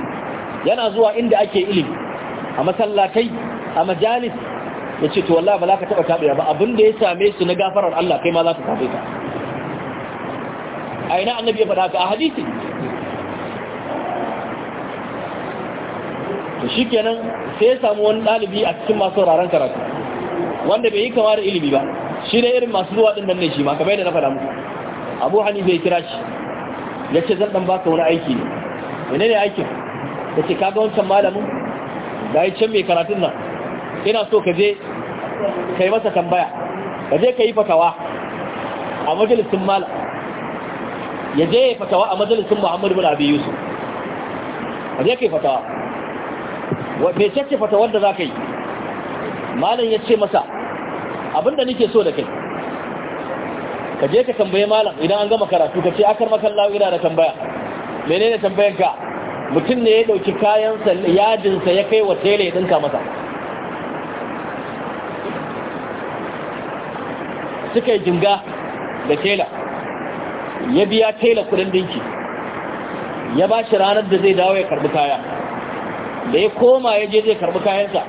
yana zuwa inda ake ilimi a masallatai a majalis ya ce to wallahi ba za ka taɓa taɓewa ba abin da ya same su na gafarar Allah kai ma za ka taɓe ka a ina annabi ya faɗa ka a hadisi to shikenan sai ya samu wani ɗalibi a cikin masu sauraron karatu wanda bai yi kama da ilimi ba shi ne irin masu zuwa ɗin nan ne shi ma kamar yadda na faɗa muku abu hani zai kira shi ya ce zan ɗan ba ka wani aiki ne mene ne aikin ya ce kaga wancan malamin da ya can mai karatun nan ina so ka je ka yi masa tambaya ka je ka yi fatawa a majalisin malam ya je ya fatawa a majalisun muhammadu bin abi yusuf a je kai fatawa mai cece fatawar da za ka yi malam ya ce masa abinda nike so da kai ka je ka tambaye malam idan an gama karatu ka ce akar makalla ina da tambaya menene tambayan ka mutum ne ya dauki kayansa yadinsa ya kai wa tele ya dinka masa suka yi jinga da tela ya biya tela kudin dinki ya ba shi ranar da zai dawo ya karbi kaya da ya koma ya je zai karbi kayansa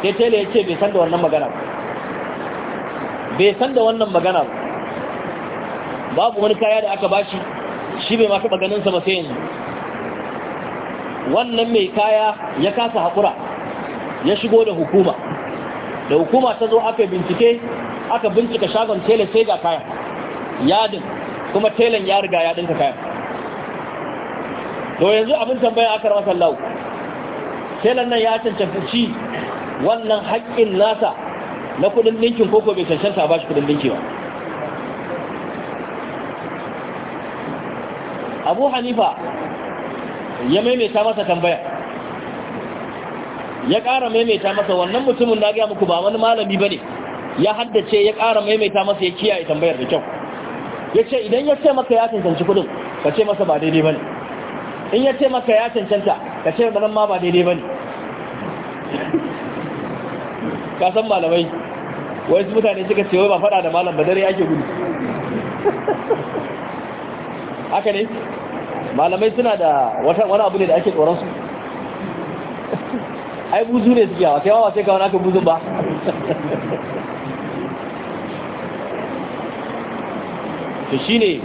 sai tela ya ce bai san da wannan magana bai san da wannan magana babu wani kaya da aka bashi shi bai masu taɓa ba sai yanzu wannan mai kaya ya kasa haƙura ya shigo da hukuma da hukuma ta zo aka bincike aka bincika shagon tela sai ga kaya yadin kuma telan ya riga ya ɗinka kayan to yanzu abin tambaya aka rama sallahu telan nan ya cancanta shi wannan haƙƙin nasa na kudin ɗinkin koko bai cancanta ba shi kudin ɗinki ba abu hanifa ya maimaita masa tambaya ya ƙara maimaita masa wannan mutumin na gaya muku ba wani malami ba ne ya haddace ya ƙara maimaita masa ya kiyaye tambayar da kyau ya ce idan ya ce maka ya cancanci kudin ka ce masa ba daidai ba ne in ya ce maka ya cancanta ka ce nan ma ba daidai ba ne ka san malamai wai su mutane suka ce wai ba fada da malam ba dare ake gudu haka ne malamai suna da wani abu ne da ake tsoron su ai buzu ne suke wa kai yawa sai ka wani aka buzun ba to ne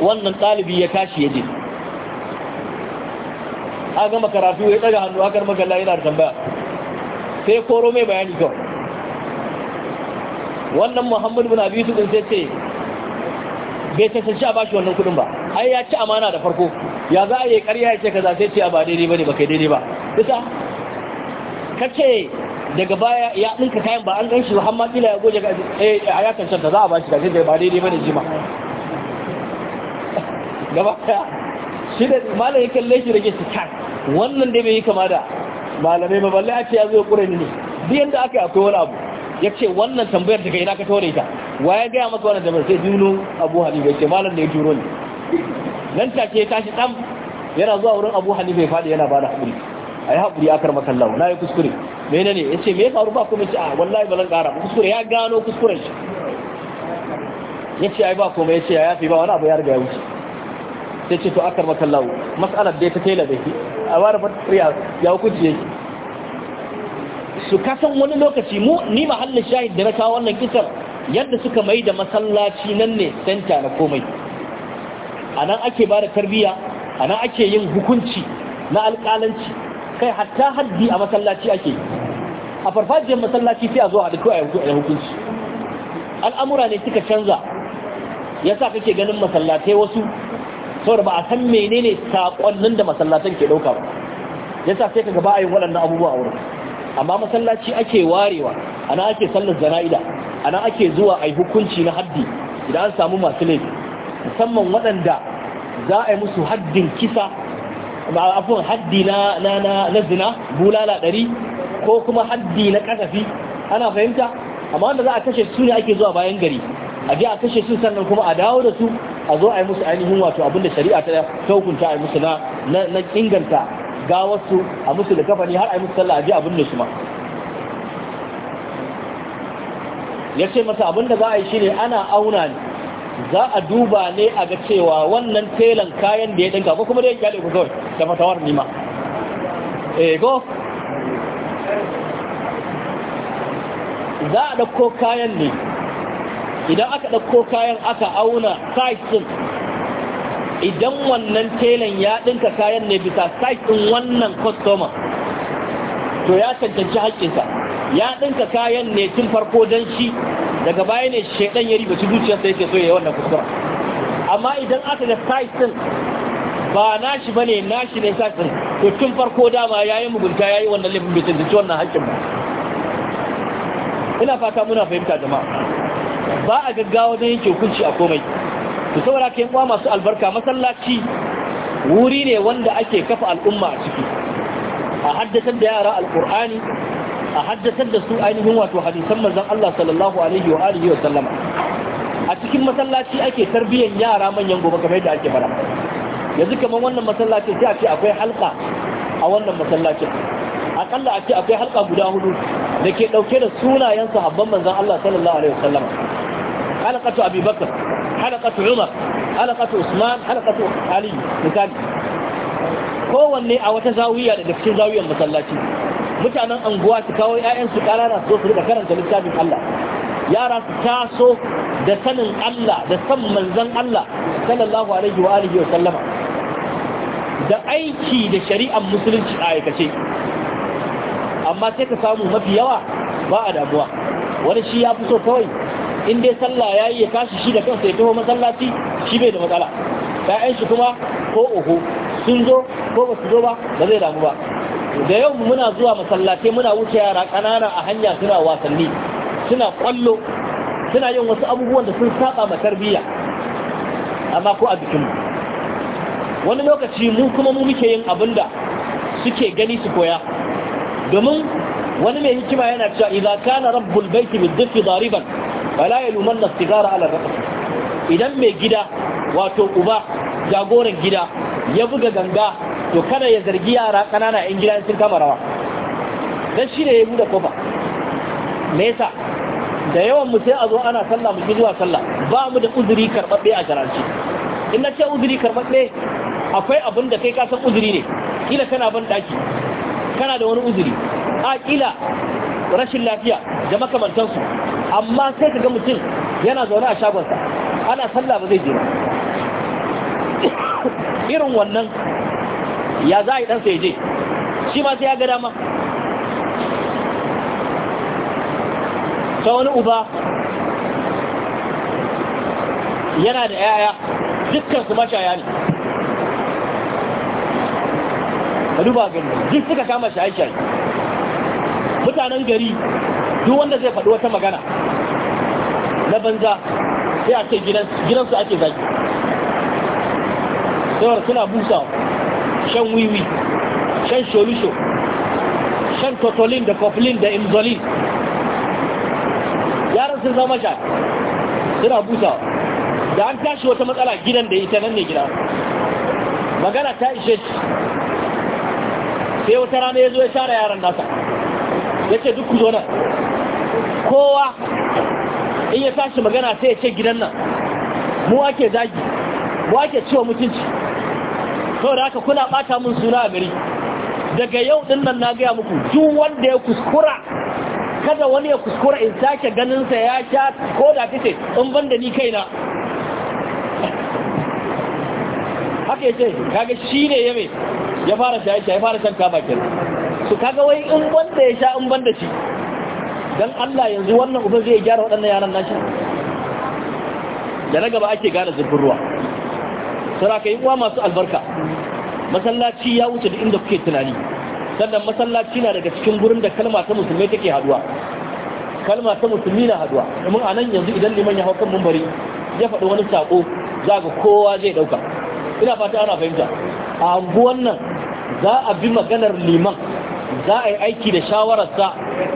wannan ɗalibi ya tashi ya je a gama karatu ya ɗaga hannu akar magalla yana da tambaya sai koro mai bayani kawai wannan muhammadu bin abisu din sai ce bai tantance a bashi wannan kudin ba ai ya ci amana da farko ya za a yi karya ya ce kaza sai ce a ba daidai ba ne ba kai daidai ba kace daga baya ya ɗinka kayan ba an ganshi har ila ya goje ga eh, a ya cancanta za a ba shi ga da ba daidai mana jima gaba daya shi da malam ya kalle shi rage su kan wannan da bai yi kama da malamai ba balle a ce ya zo ya ƙure ne duk yadda aka yi akwai wani abu ya ce wannan tambayar daga ina ka taure ta wa ya gaya maka wannan tambayar sai juno abu hali ya ce malam da ya turo ne. nan take ya tashi ɗan yana zuwa wurin abu hali ya faɗi yana ba da haƙuri ai hakuri akar makallahu na yi kuskure mene ne ya ce me ya faru ba komai ce a ah, wallahi ba zan kuskure ya gano kuskuren shi ya ce ai ba komai ya ce ya fi ba wani abu ya riga ya wuce sai ce to akar makallahu mas'alar da ta tela da shi a wani fatriya ya hukunci yake su kasan wani lokaci mu ni mahallin shahid da na kawo wannan kisan yadda suka mai da masallaci nan ne senta na komai a nan ake ba da tarbiyya a nan ake yin hukunci na alƙalanci kai hatta haddi a masallaci ake a farfajiyar masallaci sai a zo a da kawai a hukunci al'amura ne suka canza ya sa kake ganin masallatai wasu saboda ba a san menene saƙonnin da masallatan ke ɗauka ba ya sa sai ka gaba a yin waɗannan abubuwa a wurin amma masallaci ake warewa ana ake sallar a ana ake zuwa a hukunci na haddi idan an samu masu laifi musamman waɗanda za a yi musu haddin kisa afuwan haddi na zina bulala ɗari ko kuma haddi na kasafi ana fahimta amma wanda za a kashe su ne ake zuwa bayan gari a je a kashe su sannan kuma a dawo da su a zo a yi musu ainihin wato abinda shari'a ta hukunta a yi musu na inganta inganta gawarsu a musu da kafani har a yi musu sallah a je abin da su ma ya ce masa abinda za a yi shi ne ana auna ne za a duba ne a ga cewa wannan telan kayan da ya dinka ko kuma da ya kyale ku kawai da fatawar nima Ego, eh, za a ɗauko kayan ne idan aka ɗauko kayan aka auna size idan wannan telan ya ɗinka kayan ne bisa size wannan customer to ya cancanci haƙƙinsa ya ɗinka kayan ne tun farko don shi daga baya ne shaidan ya ribaci zuciyarsa yake so ya yi wannan kuskura amma idan aka ga saitin ba nashi ba ne nashi ne saitin to tun farko dama ya yi mugunta ya yi wannan laifin bai cancanci wannan hakkin ba ina fata muna fahimta jama'a ba a gaggawa don yanke hukunci a komai to saboda ka yankuwa masu albarka masallaci wuri ne wanda ake kafa al'umma a ciki a haddatar da yara alkur'ani a haddatar da su ainihin wato hadisan manzon Allah sallallahu alaihi wa alihi wa sallama a cikin masallaci ake tarbiyyar yara manyan gobe kamar yadda ake fara yanzu kamar wannan masallaci sai a ce akwai halka a wannan masallacin akalla a ce akwai halka guda hudu da ke dauke da sunayen sahabban manzon Allah sallallahu alaihi wa sallama halaqatu abubakar halaqatu umar halaqatu usman halaqatu ali misali kowanne a wata zawiya da cikin zawiyar masallaci mutanen anguwa su kawo su ƙanana su su rika karanta littafin Allah yara su taso da sanin Allah da san manzon Allah sallallahu alaihi wa alihi wa sallama da aiki da shari'ar musulunci a aikace amma sai ka samu mafi yawa ba a damuwa wani shi ya fi so kawai in dai sallah ya yi ya tashi shi da kansa ya taho masallaci shi bai da matsala 'Ya'yan shi kuma ko oho sun zo ko ba su zo ba ba zai damu ba da yau muna zuwa masallatai muna wuce yara ƙanana a hanya suna wasanni suna kwallo suna yin wasu abubuwan da sun saba ma tarbiyya amma ko a bikinmu wani lokaci mu kuma mu muke yin abin da suke gani su koya domin wani mai hikima yana cewa idza kana rabbul baiti bidhifi dariban fala yalumanna sigara ala raqas idan mai gida wato uba jagoran gida ya buga ganga to kada ya zargi yara kanana yan gida sun kama rawa dan shi ne ya buda kofa me yasa da yawan mu sai a zo ana sallah mu zuwa sallah ba mu da uzuri karɓaɓɓe a garanci in na ce uzuri karɓaɓɓe akwai abin da kai ka uzuri ne kila kana ban daki kana da wani uzuri a kila rashin lafiya da makamantansu amma sai ka ga mutum yana zaune a shagonsa ana sallah ba zai je irin wannan ya za a yi ɗansa ya je shi ma sai ya ga dama ta wani uba yana da yaya dukkan su mashaya ne ka duba gani duk suka kama shaye-shaye mutanen gari duk wanda zai faɗi wata magana na banza sai a ce gidansu ake zaki dawar suna busa shan wiwi shan sholisho shan totolin da koflin da imzolin yaran sun zama sha suna busa da an tashi wata matsala gidan da ita nan ne gida magana ta ishe shi sai wata rana ya zo ya share yaran nasa ya ce duk kuzo nan kowa in ya tashi magana sai ya ce gidan nan mu ake zagi mu ake ciwo mutunci kawai da haka kuna bata mun suna a gari daga yau din nan na gaya muku duk wanda ya kuskura kada wani ya kuskura in sake ganinsa ya sha ko da kace in ban da ni kaina haka yace kaga shine ya mai ya fara shaye ya fara shan kaba kin su kaga wai in wanda ya sha in ban da shi dan Allah yanzu wannan uba zai gyara waɗannan yaran nashi da na gaba ake gane zubin ruwa saraka yi uwa masu albarka masallaci ya wuce duk inda kuke tunani sannan masallaci na daga cikin gurin da kalma ta musulmai take haduwa kalma ta musulmi na haduwa domin a nan yanzu idan liman ya hau kan mumbari ya faɗi wani sako za ga kowa zai ɗauka ina fata ana fahimta a anguwan nan za a bi maganar liman za a yi aiki da shawararsa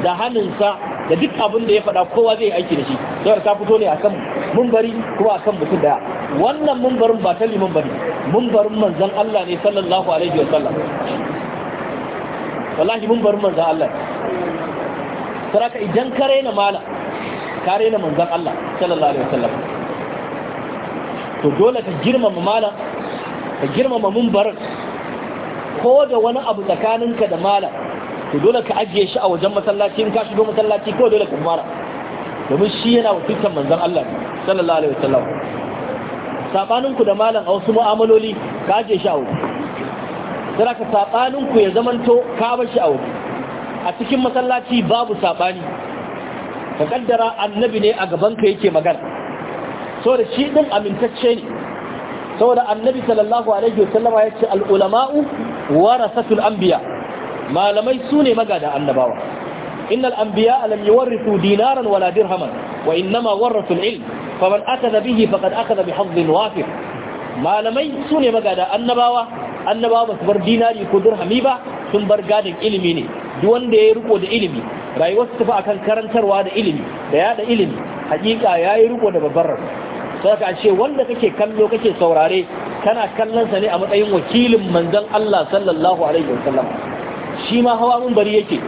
da hannunsa da duk abin da ya faɗa kowa zai yi aiki da shi saboda ta fito ne a kan mumbari kuma kan mutum daya wannan mumbarin ba ta liman bane mumbarin manzan Allah ne sallallahu alaihi wasallam wallahi mumbarin manzan Allah saraka idan ka raina mala ka raina manzan Allah sallallahu alaihi wasallam to dole ka girmama mala ka girmama mumbarin ko da wani abu tsakaninka da mala to dole ka ajiye shi a wajen masallaci in ka shigo masallaci ko dole ka mara domin shi yana wakiltar manzan Allah sallallahu alaihi wasallam saɓaninku da malam a wasu mu'amaloli ka aje shi a uku sai ka saɓaninku ya zamanto ka ba shi a uku a cikin masallaci babu saɓani ka kaddara annabi ne a gabanka yake magana saboda shi ɗin amintacce ne saboda annabi sallallahu alaihi wasallama ya ce al'ulama'u warasatul anbiya malamai su ne magada annabawa innal anbiya lam yuwarrithu dinaran wala dirhaman wa innama warrasul ilm faman akaza bihi faqad akaza bi hazzin wafir malamai su ne magada annabawa annabawa ba su bar dinari ko dirhami ba sun bar gadin ilimi ne duk wanda ya riko da ilimi rayuwarsu tafi akan karantarwa da ilimi da yada ilimi hakika yayi riko da babbar sai ka ce wanda kake kallo kake saurare kana kallon sa ne a matsayin wakilin manzon Allah sallallahu alaihi wasallam shi ma hawa mun bari yake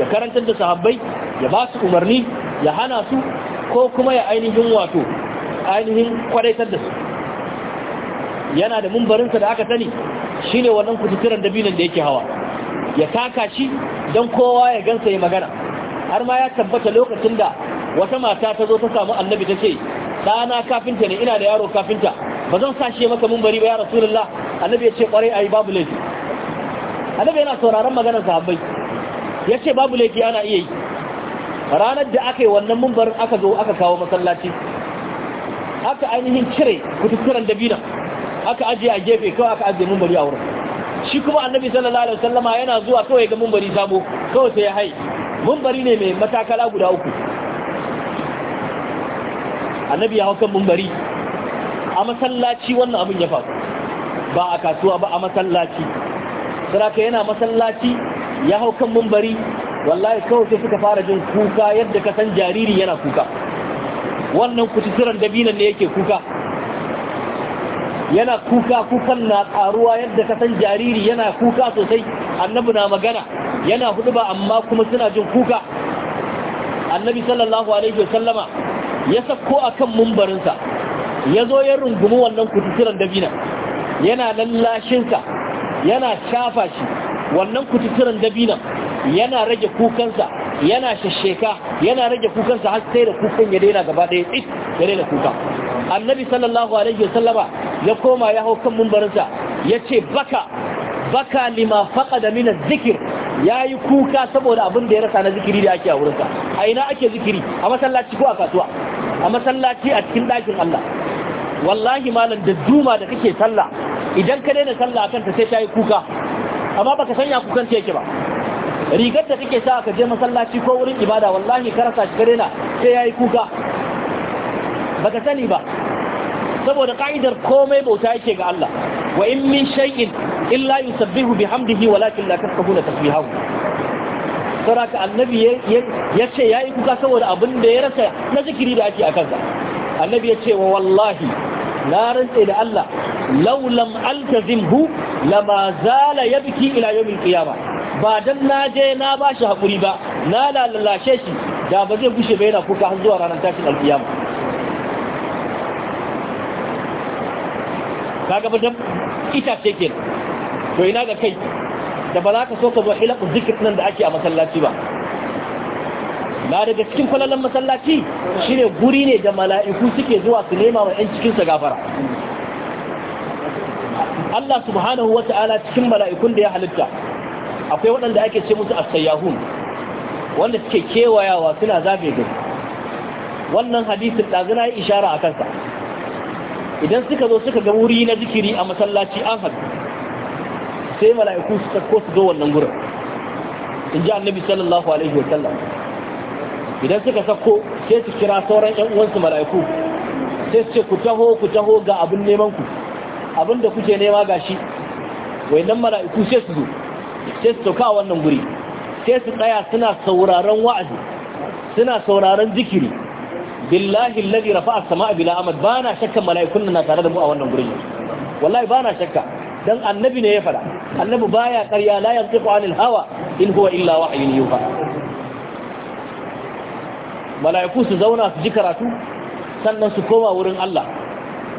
ya karantar da sahabbai ya ba su umarni ya hana su ko kuma ya ainihin wato ainihin kwadaitar da su yana da mumbarinsa da aka sani shi ne wannan kututturen dabinan da yake hawa ya taka shi don kowa ya gansa ya magana har ma ya tabbata lokacin da wata mata ta zo ta samu annabi ta ce ɗana kafinta ne ina da yaro kafinta ba zan sa shi maka mumbari ba ya rasulullah annabi ya ce kwarai ayi babu laifi annabi yana sauraron maganar sahabbai ya ce babu laifi ana iya yi ranar da aka yi wannan mumbar aka zo aka kawo masallaci aka ainihin cire kututturan dabinan aka ajiye a gefe kawai aka ajiye mumbari a wurin shi kuma annabi sallallahu alaihi wasallam yana zuwa kawai ga mumbari sabo kawai sai ya hai mumbari ne mai matakala guda uku annabi ya hau kan mumbari a masallaci wannan abin ya faru ba a kasuwa ba a masallaci saraka yana masallaci ya hau kan mumbari wallahi kawai sai suka fara jin kuka yadda ka san jariri yana kuka wannan kututuran dabinan ne yake kuka yana kuka kukan na karuwa yadda ka san jariri yana kuka sosai annabi na magana yana hudu ba amma kuma suna jin kuka annabi sallallahu alaihi wasallama ya sako akan mumbarinsa ya zo ya rungumi wannan kututuran dabinan yana sa yana shafa shi wannan kututuran dabinan yana rage kukansa yana shasheka yana rage kukansa har sai da kukan ya daina gaba daya tsit ya daina kuka annabi sallallahu alaihi wasallama ya koma ya hau kan mumbarinsa ya ce baka baka lima faqada min zikir ya yi kuka saboda abin da ya rasa na zikiri da ake a wurinsa a ina ake zikiri a masallaci ko a kasuwa a masallaci a cikin ɗakin Allah wallahi malam da duma da kake sallah idan ka daina sallah akan ta sai ta yi kuka amma baka sanya kukan ta yake ba rigar da kake sa ka je masallaci ko wurin ibada wallahi ka rasa shi gare na sai yayi kuka baka sani ba saboda ka'idar komai bauta yake ga Allah wa in min shay'in illa yusabbihu bihamdihi walakin la tafqahuna tasbihahu saraka annabi ya ce yayi kuka saboda abin da ya rasa na zikiri da ake a kansa annabi ya ce wa wallahi na rantsa da Allah law lam altazimhu lama zala yabki ila yawmil qiyamah ba don na je na ba shi haƙuri ba na lalace shi da ba zai gushe ba yana kuka har zuwa ranar tashin ba ga ba ita ce ke to ina ga kai da ba za ka so ka zo hilaku zikir nan da ake a masallaci ba na daga cikin kwallon masallaci shine guri ne da mala'iku suke zuwa su nema wa 'yan cikinsa gafara Allah subhanahu wa ta'ala cikin mala'ikun da ya halitta akwai waɗanda ake ce musu as wanda suke kewayawa suna zabe gari wannan hadisin dazuna yi ishara a kansa, idan suka zo suka ga wuri na zikiri a masallaci an haɗu sai mala'iku su sako su zo wannan gurin in ji annabi sallallahu alaihi wa sallam idan suka sako sai su kira sauran ƴan uwansu mala'iku sai su ce ku taho ku taho ga abin neman ku abin da kuke nema gashi wayannan mala'iku sai su zo sai su sauka a wannan guri sai su tsaya suna sauraron wa'azi suna sauraron zikiri billahi alladhi rafa'a as-sama'a bila amad bana shakka mala'ikun na tare da mu a wannan gurin wallahi bana shakka dan annabi ne ya fada annabi baya ƙarya la yantiqu anil hawa in huwa illa wahyun yuha mala'iku su zauna su ji karatu sannan su koma wurin Allah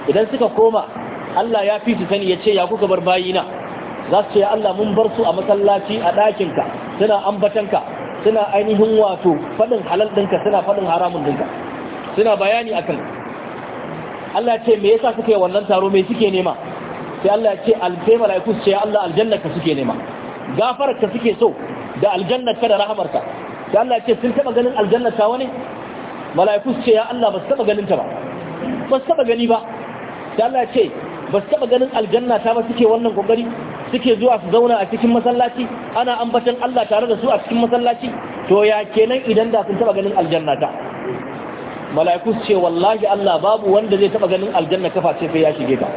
idan suka koma Allah ya fi su sani ya ce ya kuka bar bayina za su ce Allah mun bar su a masallaci a ɗakinka suna ambatanka suna ainihin wato faɗin halal ɗinka suna faɗin haramun ɗinka suna bayani akan Allah ce me yasa suka yi wannan taro me suke nema sai Allah ce alfai mala'iku su ce Allah aljannaka suke nema gafararka suke so da aljannaka da rahamarka sai Allah ce sun taɓa ganin aljannata wani mala'iku su ce ya Allah ba su taɓa ganin ta ba ba su taɓa gani ba sai Allah ce ba su taɓa ganin aljanna ta ba suke wannan kokari suke zuwa su zauna a cikin masallaci ana ambatan Allah tare da su a cikin masallaci to ya kenan idan da sun taba ganin aljanna ta mala'iku ce wallahi Allah babu wanda zai taba ganin aljanna kafa ce sai ya shige ta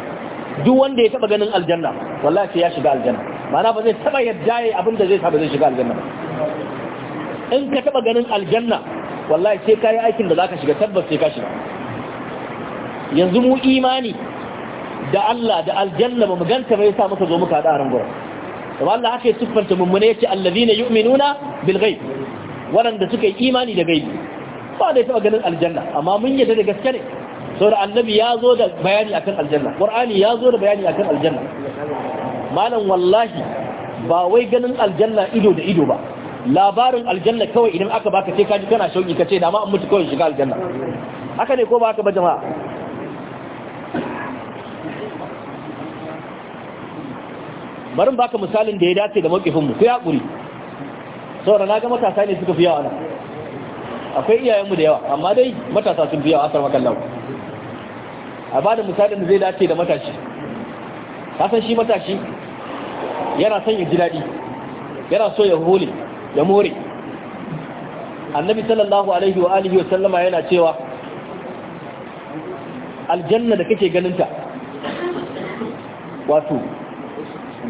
duk wanda ya taba ganin aljanna wallahi sai ya shiga aljanna ma'ana ba zai taba yadda yayi abin da zai taba zai shiga aljanna in ka taba ganin aljanna wallahi sai kai aikin da zaka shiga tabbas sai ka shiga yanzu mu imani da Allah da aljanna ba mu ganta ba yasa muka zo muka hada ran gurin kuma Allah haka ya siffanta mummune yace allazina yu'minuna bil ghaib waɗanda suka yi imani da gaibi ba da taɓa ganin aljanna amma mun yadda da gaske ne saboda annabi ya zo da bayani akan aljanna qur'ani ya zo da bayani akan aljanna malam wallahi ba wai ganin aljanna ido da ido ba labarin aljanna kawai idan aka baka sai kaji kana shauki kace da ma an mutu kawai shiga aljanna haka ne ko ba haka ba jama'a barin baka misalin da ya dace da mawkifin mu ku ya hakuri saboda na ga matasa ne suka fi yawa nan akwai iyayenmu da yawa amma dai matasa sun fi yawa asar makallau a ba da misalin da zai dace da matashi kasan shi matashi yana son ya ji daɗi yana so ya hole ya more annabi sallallahu alaihi wa alihi wa sallama yana cewa aljanna da kake ganinta wato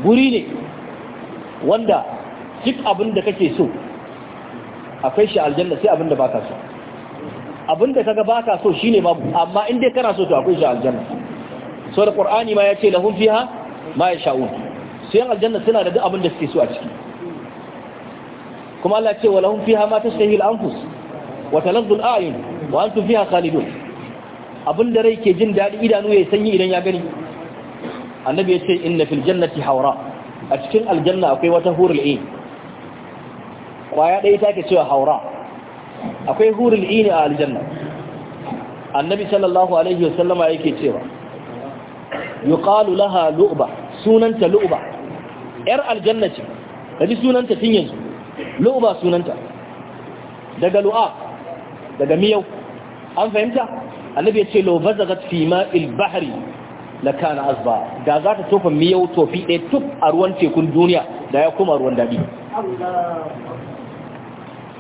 guri ne wanda duk abin da kake so akwai shi aljanna sai abin da baka so abin da kaga baka so shine babu amma in dai kana so to akwai shi aljanna so da qur'ani ma yace lahum fiha ma yasha'un sai aljanna suna da duk abin da suke so a ciki kuma Allah ce walahum fiha ma tashtahi al-anfus wa taladdu ayun wa antum fiha khalidun abin da rai ke jin dadi idanu ya sanyi idan ya gani annabi ya ce inna fil jannati haura a cikin aljanna akwai wata hurul ain kwaya ɗaya take cewa haura akwai hurul ain a aljanna annabi sallallahu alaihi wasallama yake cewa yuqalu laha lu'ba sunanta lu'ba yar aljannati ce kaji sunanta tun yanzu lu'ba sunanta daga lu'a daga miyau an fahimta annabi ya ce lo bazagat fi ma'il bahri la kana azba da za ta tofa miyau tofi ɗaya tuf a ruwan tekun duniya da ya kuma ruwan daɗi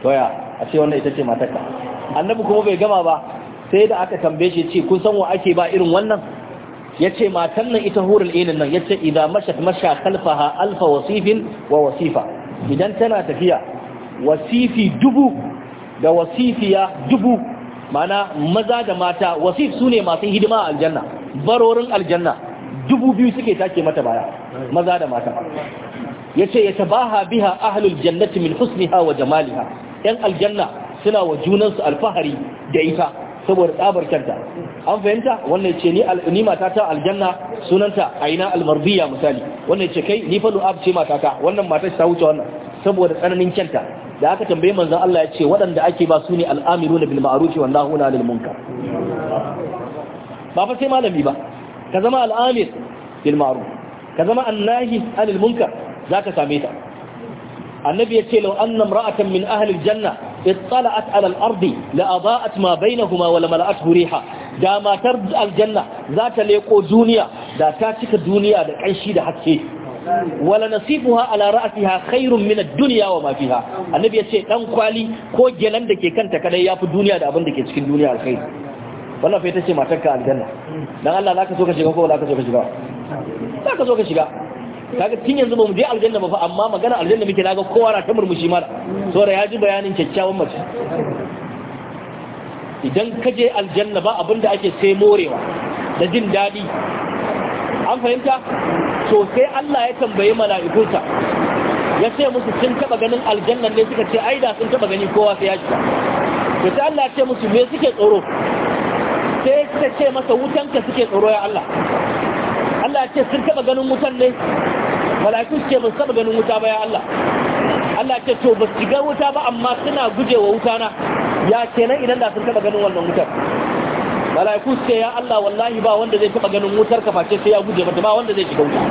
toya a ce wannan ita ce matarka annabi kuma bai gama ba sai da aka tambaye shi ce kun san wa ake ba irin wannan ya ce matan nan ita hurul ilin nan ya ce idan mashat masha kalfaha alfa wasifin wa wasifa idan tana tafiya wasifi dubu da wasifiya dubu mana maza da mata wasif su ne masu hidima a aljanna barorin aljanna dubu biyu suke take mata baya maza da mata yace yatabaha biha ahlul jannati min husniha wa jamaliha yan aljanna suna wa junansu alfahari da ita saboda tsabar kanta an fahimta wannan ce ni ni matata aljanna sunanta aina almardiya misali wannan ce kai ni fa lu'ab ce matata wannan mata ta wuce wannan saboda tsananin kyanta da aka tambaye manzon Allah ya ce waɗanda ake ba su ne al'amiruna bil ma'ruf wa nahuna anil munkar ba fa sai malami ba ka zama al'amir bil ma'ruf ka zama annahi anil munkar zaka same ta annabi yace law anna imra'atan min ahli aljanna ittala'at ala al-ardi la adaa'at ma bainahuma wa la mala'athu riha da matar aljanna za ta leko duniya da ta cika duniya da kanshi da haske wala nasifuha ala ra'atiha khairun min ad-dunya wa ma fiha annabi yace dan kwali ko gelan da ke kanta kadai yafi duniya da abin da ke cikin duniya alkhairi wannan fa ita ce matar ka aljanna dan Allah zaka so ka shiga ko zaka so ka shiga zaka so ka shiga kaga tun yanzu ba mu je aljanna ba fa amma magana aljanna muke naga kowa na ta murmushi mara saboda ya ji bayanin kyakkyawan mace idan ka je aljanna ba abinda ake sai morewa da jin daɗi an fahimta to sai Allah ya tambayi mala'ikunsa ya ce musu sun taba ganin aljanna ne suka ce ai da sun taba gani kowa sai ya shiga to sai Allah ya ce musu me suke tsoro suka ce masa wutanka suke tsoro ya Allah Allah ce sun taba ganin wutan ne mala'iku ce ba su taba ganin wuta ba ya Allah Allah ce to ba su ga wuta ba amma suna gujewa wuta na ya kenan idan da sun taba ganin wannan wutar mala'iku ce ya Allah wallahi ba wanda zai taba ganin wutar ka face sai ya guje mata ba wanda zai shiga wuta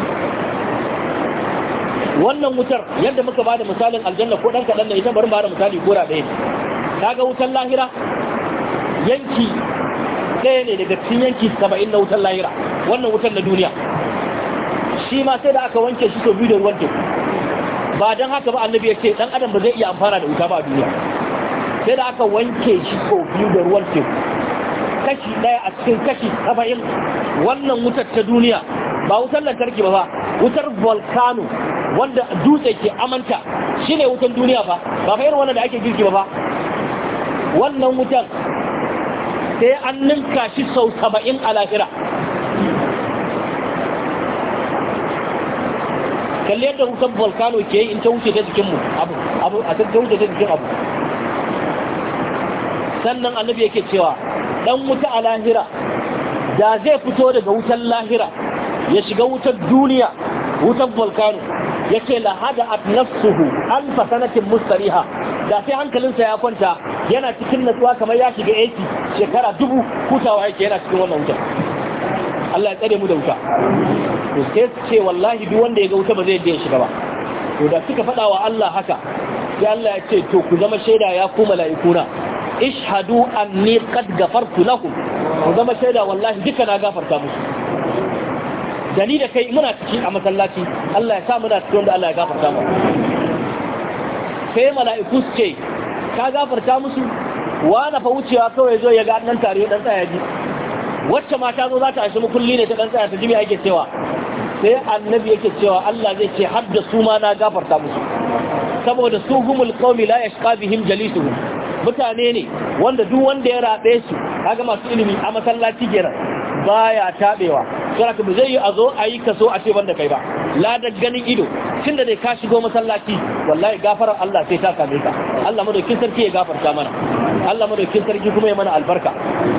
wannan wutar yadda muka bada misalin aljanna ko dan kadan da ita bari mu bada misali gora ɗaya kaga wutar lahira yanki ɗaya ne daga cikin yanki saba'in na wutar lahira wannan wutar na duniya shi ma sai da aka wanke shi sau biyu da ruwan teku ba don haka ba annabi ya ce ɗan adam ba zai iya amfana da wuta ba a duniya sai da aka wanke shi sau biyu da ruwan teku kashi ɗaya a cikin kashi saba'in wannan wutar ta duniya ba wutar lantarki ba ba wutar volcano wanda dutse ke amanta shine wutar duniya ba ba fa irin wannan da ake girki ba ba wannan wutar sai an ninka shi sau saba'in a lahira kalli yadda wutan volcano ke yi in ta wuce ta jikinmu abu a ta wuce ta jikin abu sannan annabi yake cewa dan wuta a lahira da zai fito daga wutan lahira ya shiga wutar duniya wutan volcano yake lahada at nafsuhu alfa sanatin mustariha da sai hankalinsa ya kwanta yana cikin natsuwa kamar ya shiga aiki shekara dubu hutawa yake yana cikin wannan wuta Allah ya tsare mu da wuta to sai ce wallahi duk wanda ya ga wuta ba zai je shiga ba to da suka faɗa wa Allah haka sai Allah ya ce to ku zama shaida ya ku mala'ikuna ishhadu anni qad ghafartu lakum ku zama shaida wallahi duka na gafarta musu da ni da kai muna ciki a masallaci Allah ya sa muna cikin wanda Allah ya gafarta mu sai mala'iku suke ka gafarta musu wani fa wucewa kawai zo ya ga nan tare dan tsaya ji wacce ma zo za ta ashe mu ne ta dan tsaya ta jimi ake cewa sai annabi yake cewa Allah zai ce har da su ma na gafarta musu saboda su humul qawmi la yashqa bihim jalisuhum mutane ne wanda duk wanda ya rabe su kaga masu ilimi a masallaci geran baya tabewa ka ba zai yi a zo a yi kaso a ce banda kai ba la da ganin ido tun da dai ka shigo masallaci wallahi gafarar Allah sai ta same ka Allah madaukin sarki ya gafarta mana Allah madaukin sarki kuma ya mana albarka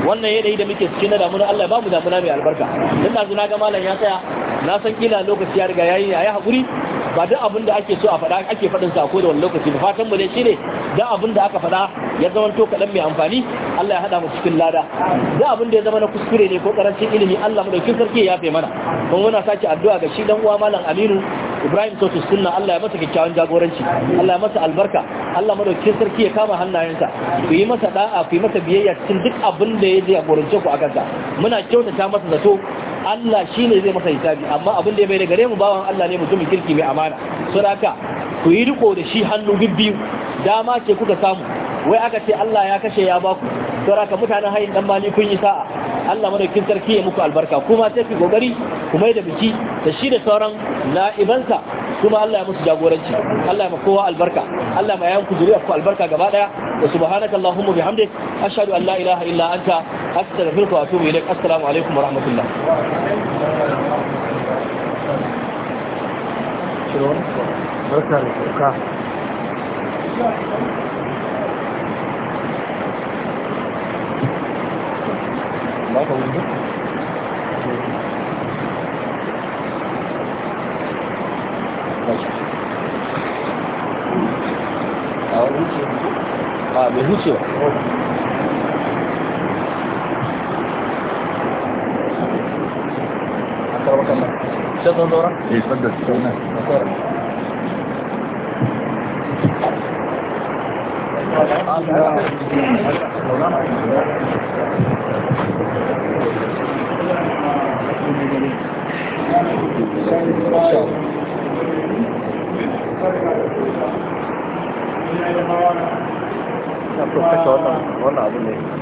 wannan yayin da muke cikin na damuna Allah ba mu damuna mai albarka dan nazo na ga malam ya tsaya na san kila lokaci ya riga yayi yayi hakuri ba duk abin da ake so a faɗa ake faɗin sa ko da wani lokaci ba fatan mu ne shine da abin da aka faɗa ya zama to kaɗan mai amfani Allah ya hada mu cikin lada da abin da ya zama na kuskure ne ko karancin ilimi Allah madaukin sarki ya fe mana kuma muna sake addu'a ga shi dan uwa malam Aminu ibrahim sautu sunna allah ya masa kyakkyawan jagoranci allah ya masa albarka allah madaukakin sarki ya kama hannayensa ku yi masa da'a ku yi masa biyayya cikin duk abin da ya a gorance ku a kansa muna kyautata masa zato Allah shi ne zai masa hisabi amma abin da ya bai da gare mu bawan Allah ne mutumin kirki mai amana saboda ku yi riko da shi hannu bibbiyu dama ce kuka samu wai aka ce Allah ya kashe ya baku don haka mutanen hayin dan mali kun yi sa'a Allah madaukin sarki ya muku albarka kuma sai ku gogari ku mai da biki da shi da sauran na'ibansa kuma Allah ya musu jagoranci Allah ya kowa albarka Allah ya yanku zuriya ku albarka gaba daya wa subhanaka allahumma bihamdik ashhadu an la ilaha illa anta astaghfiruka wa atubu ilaik assalamu alaikum wa rahmatullah Thank you. الله طويل اه بهوشي اكرمك الله شد دورك ايه تفضل تستنى مولانا na professor wannan abin ne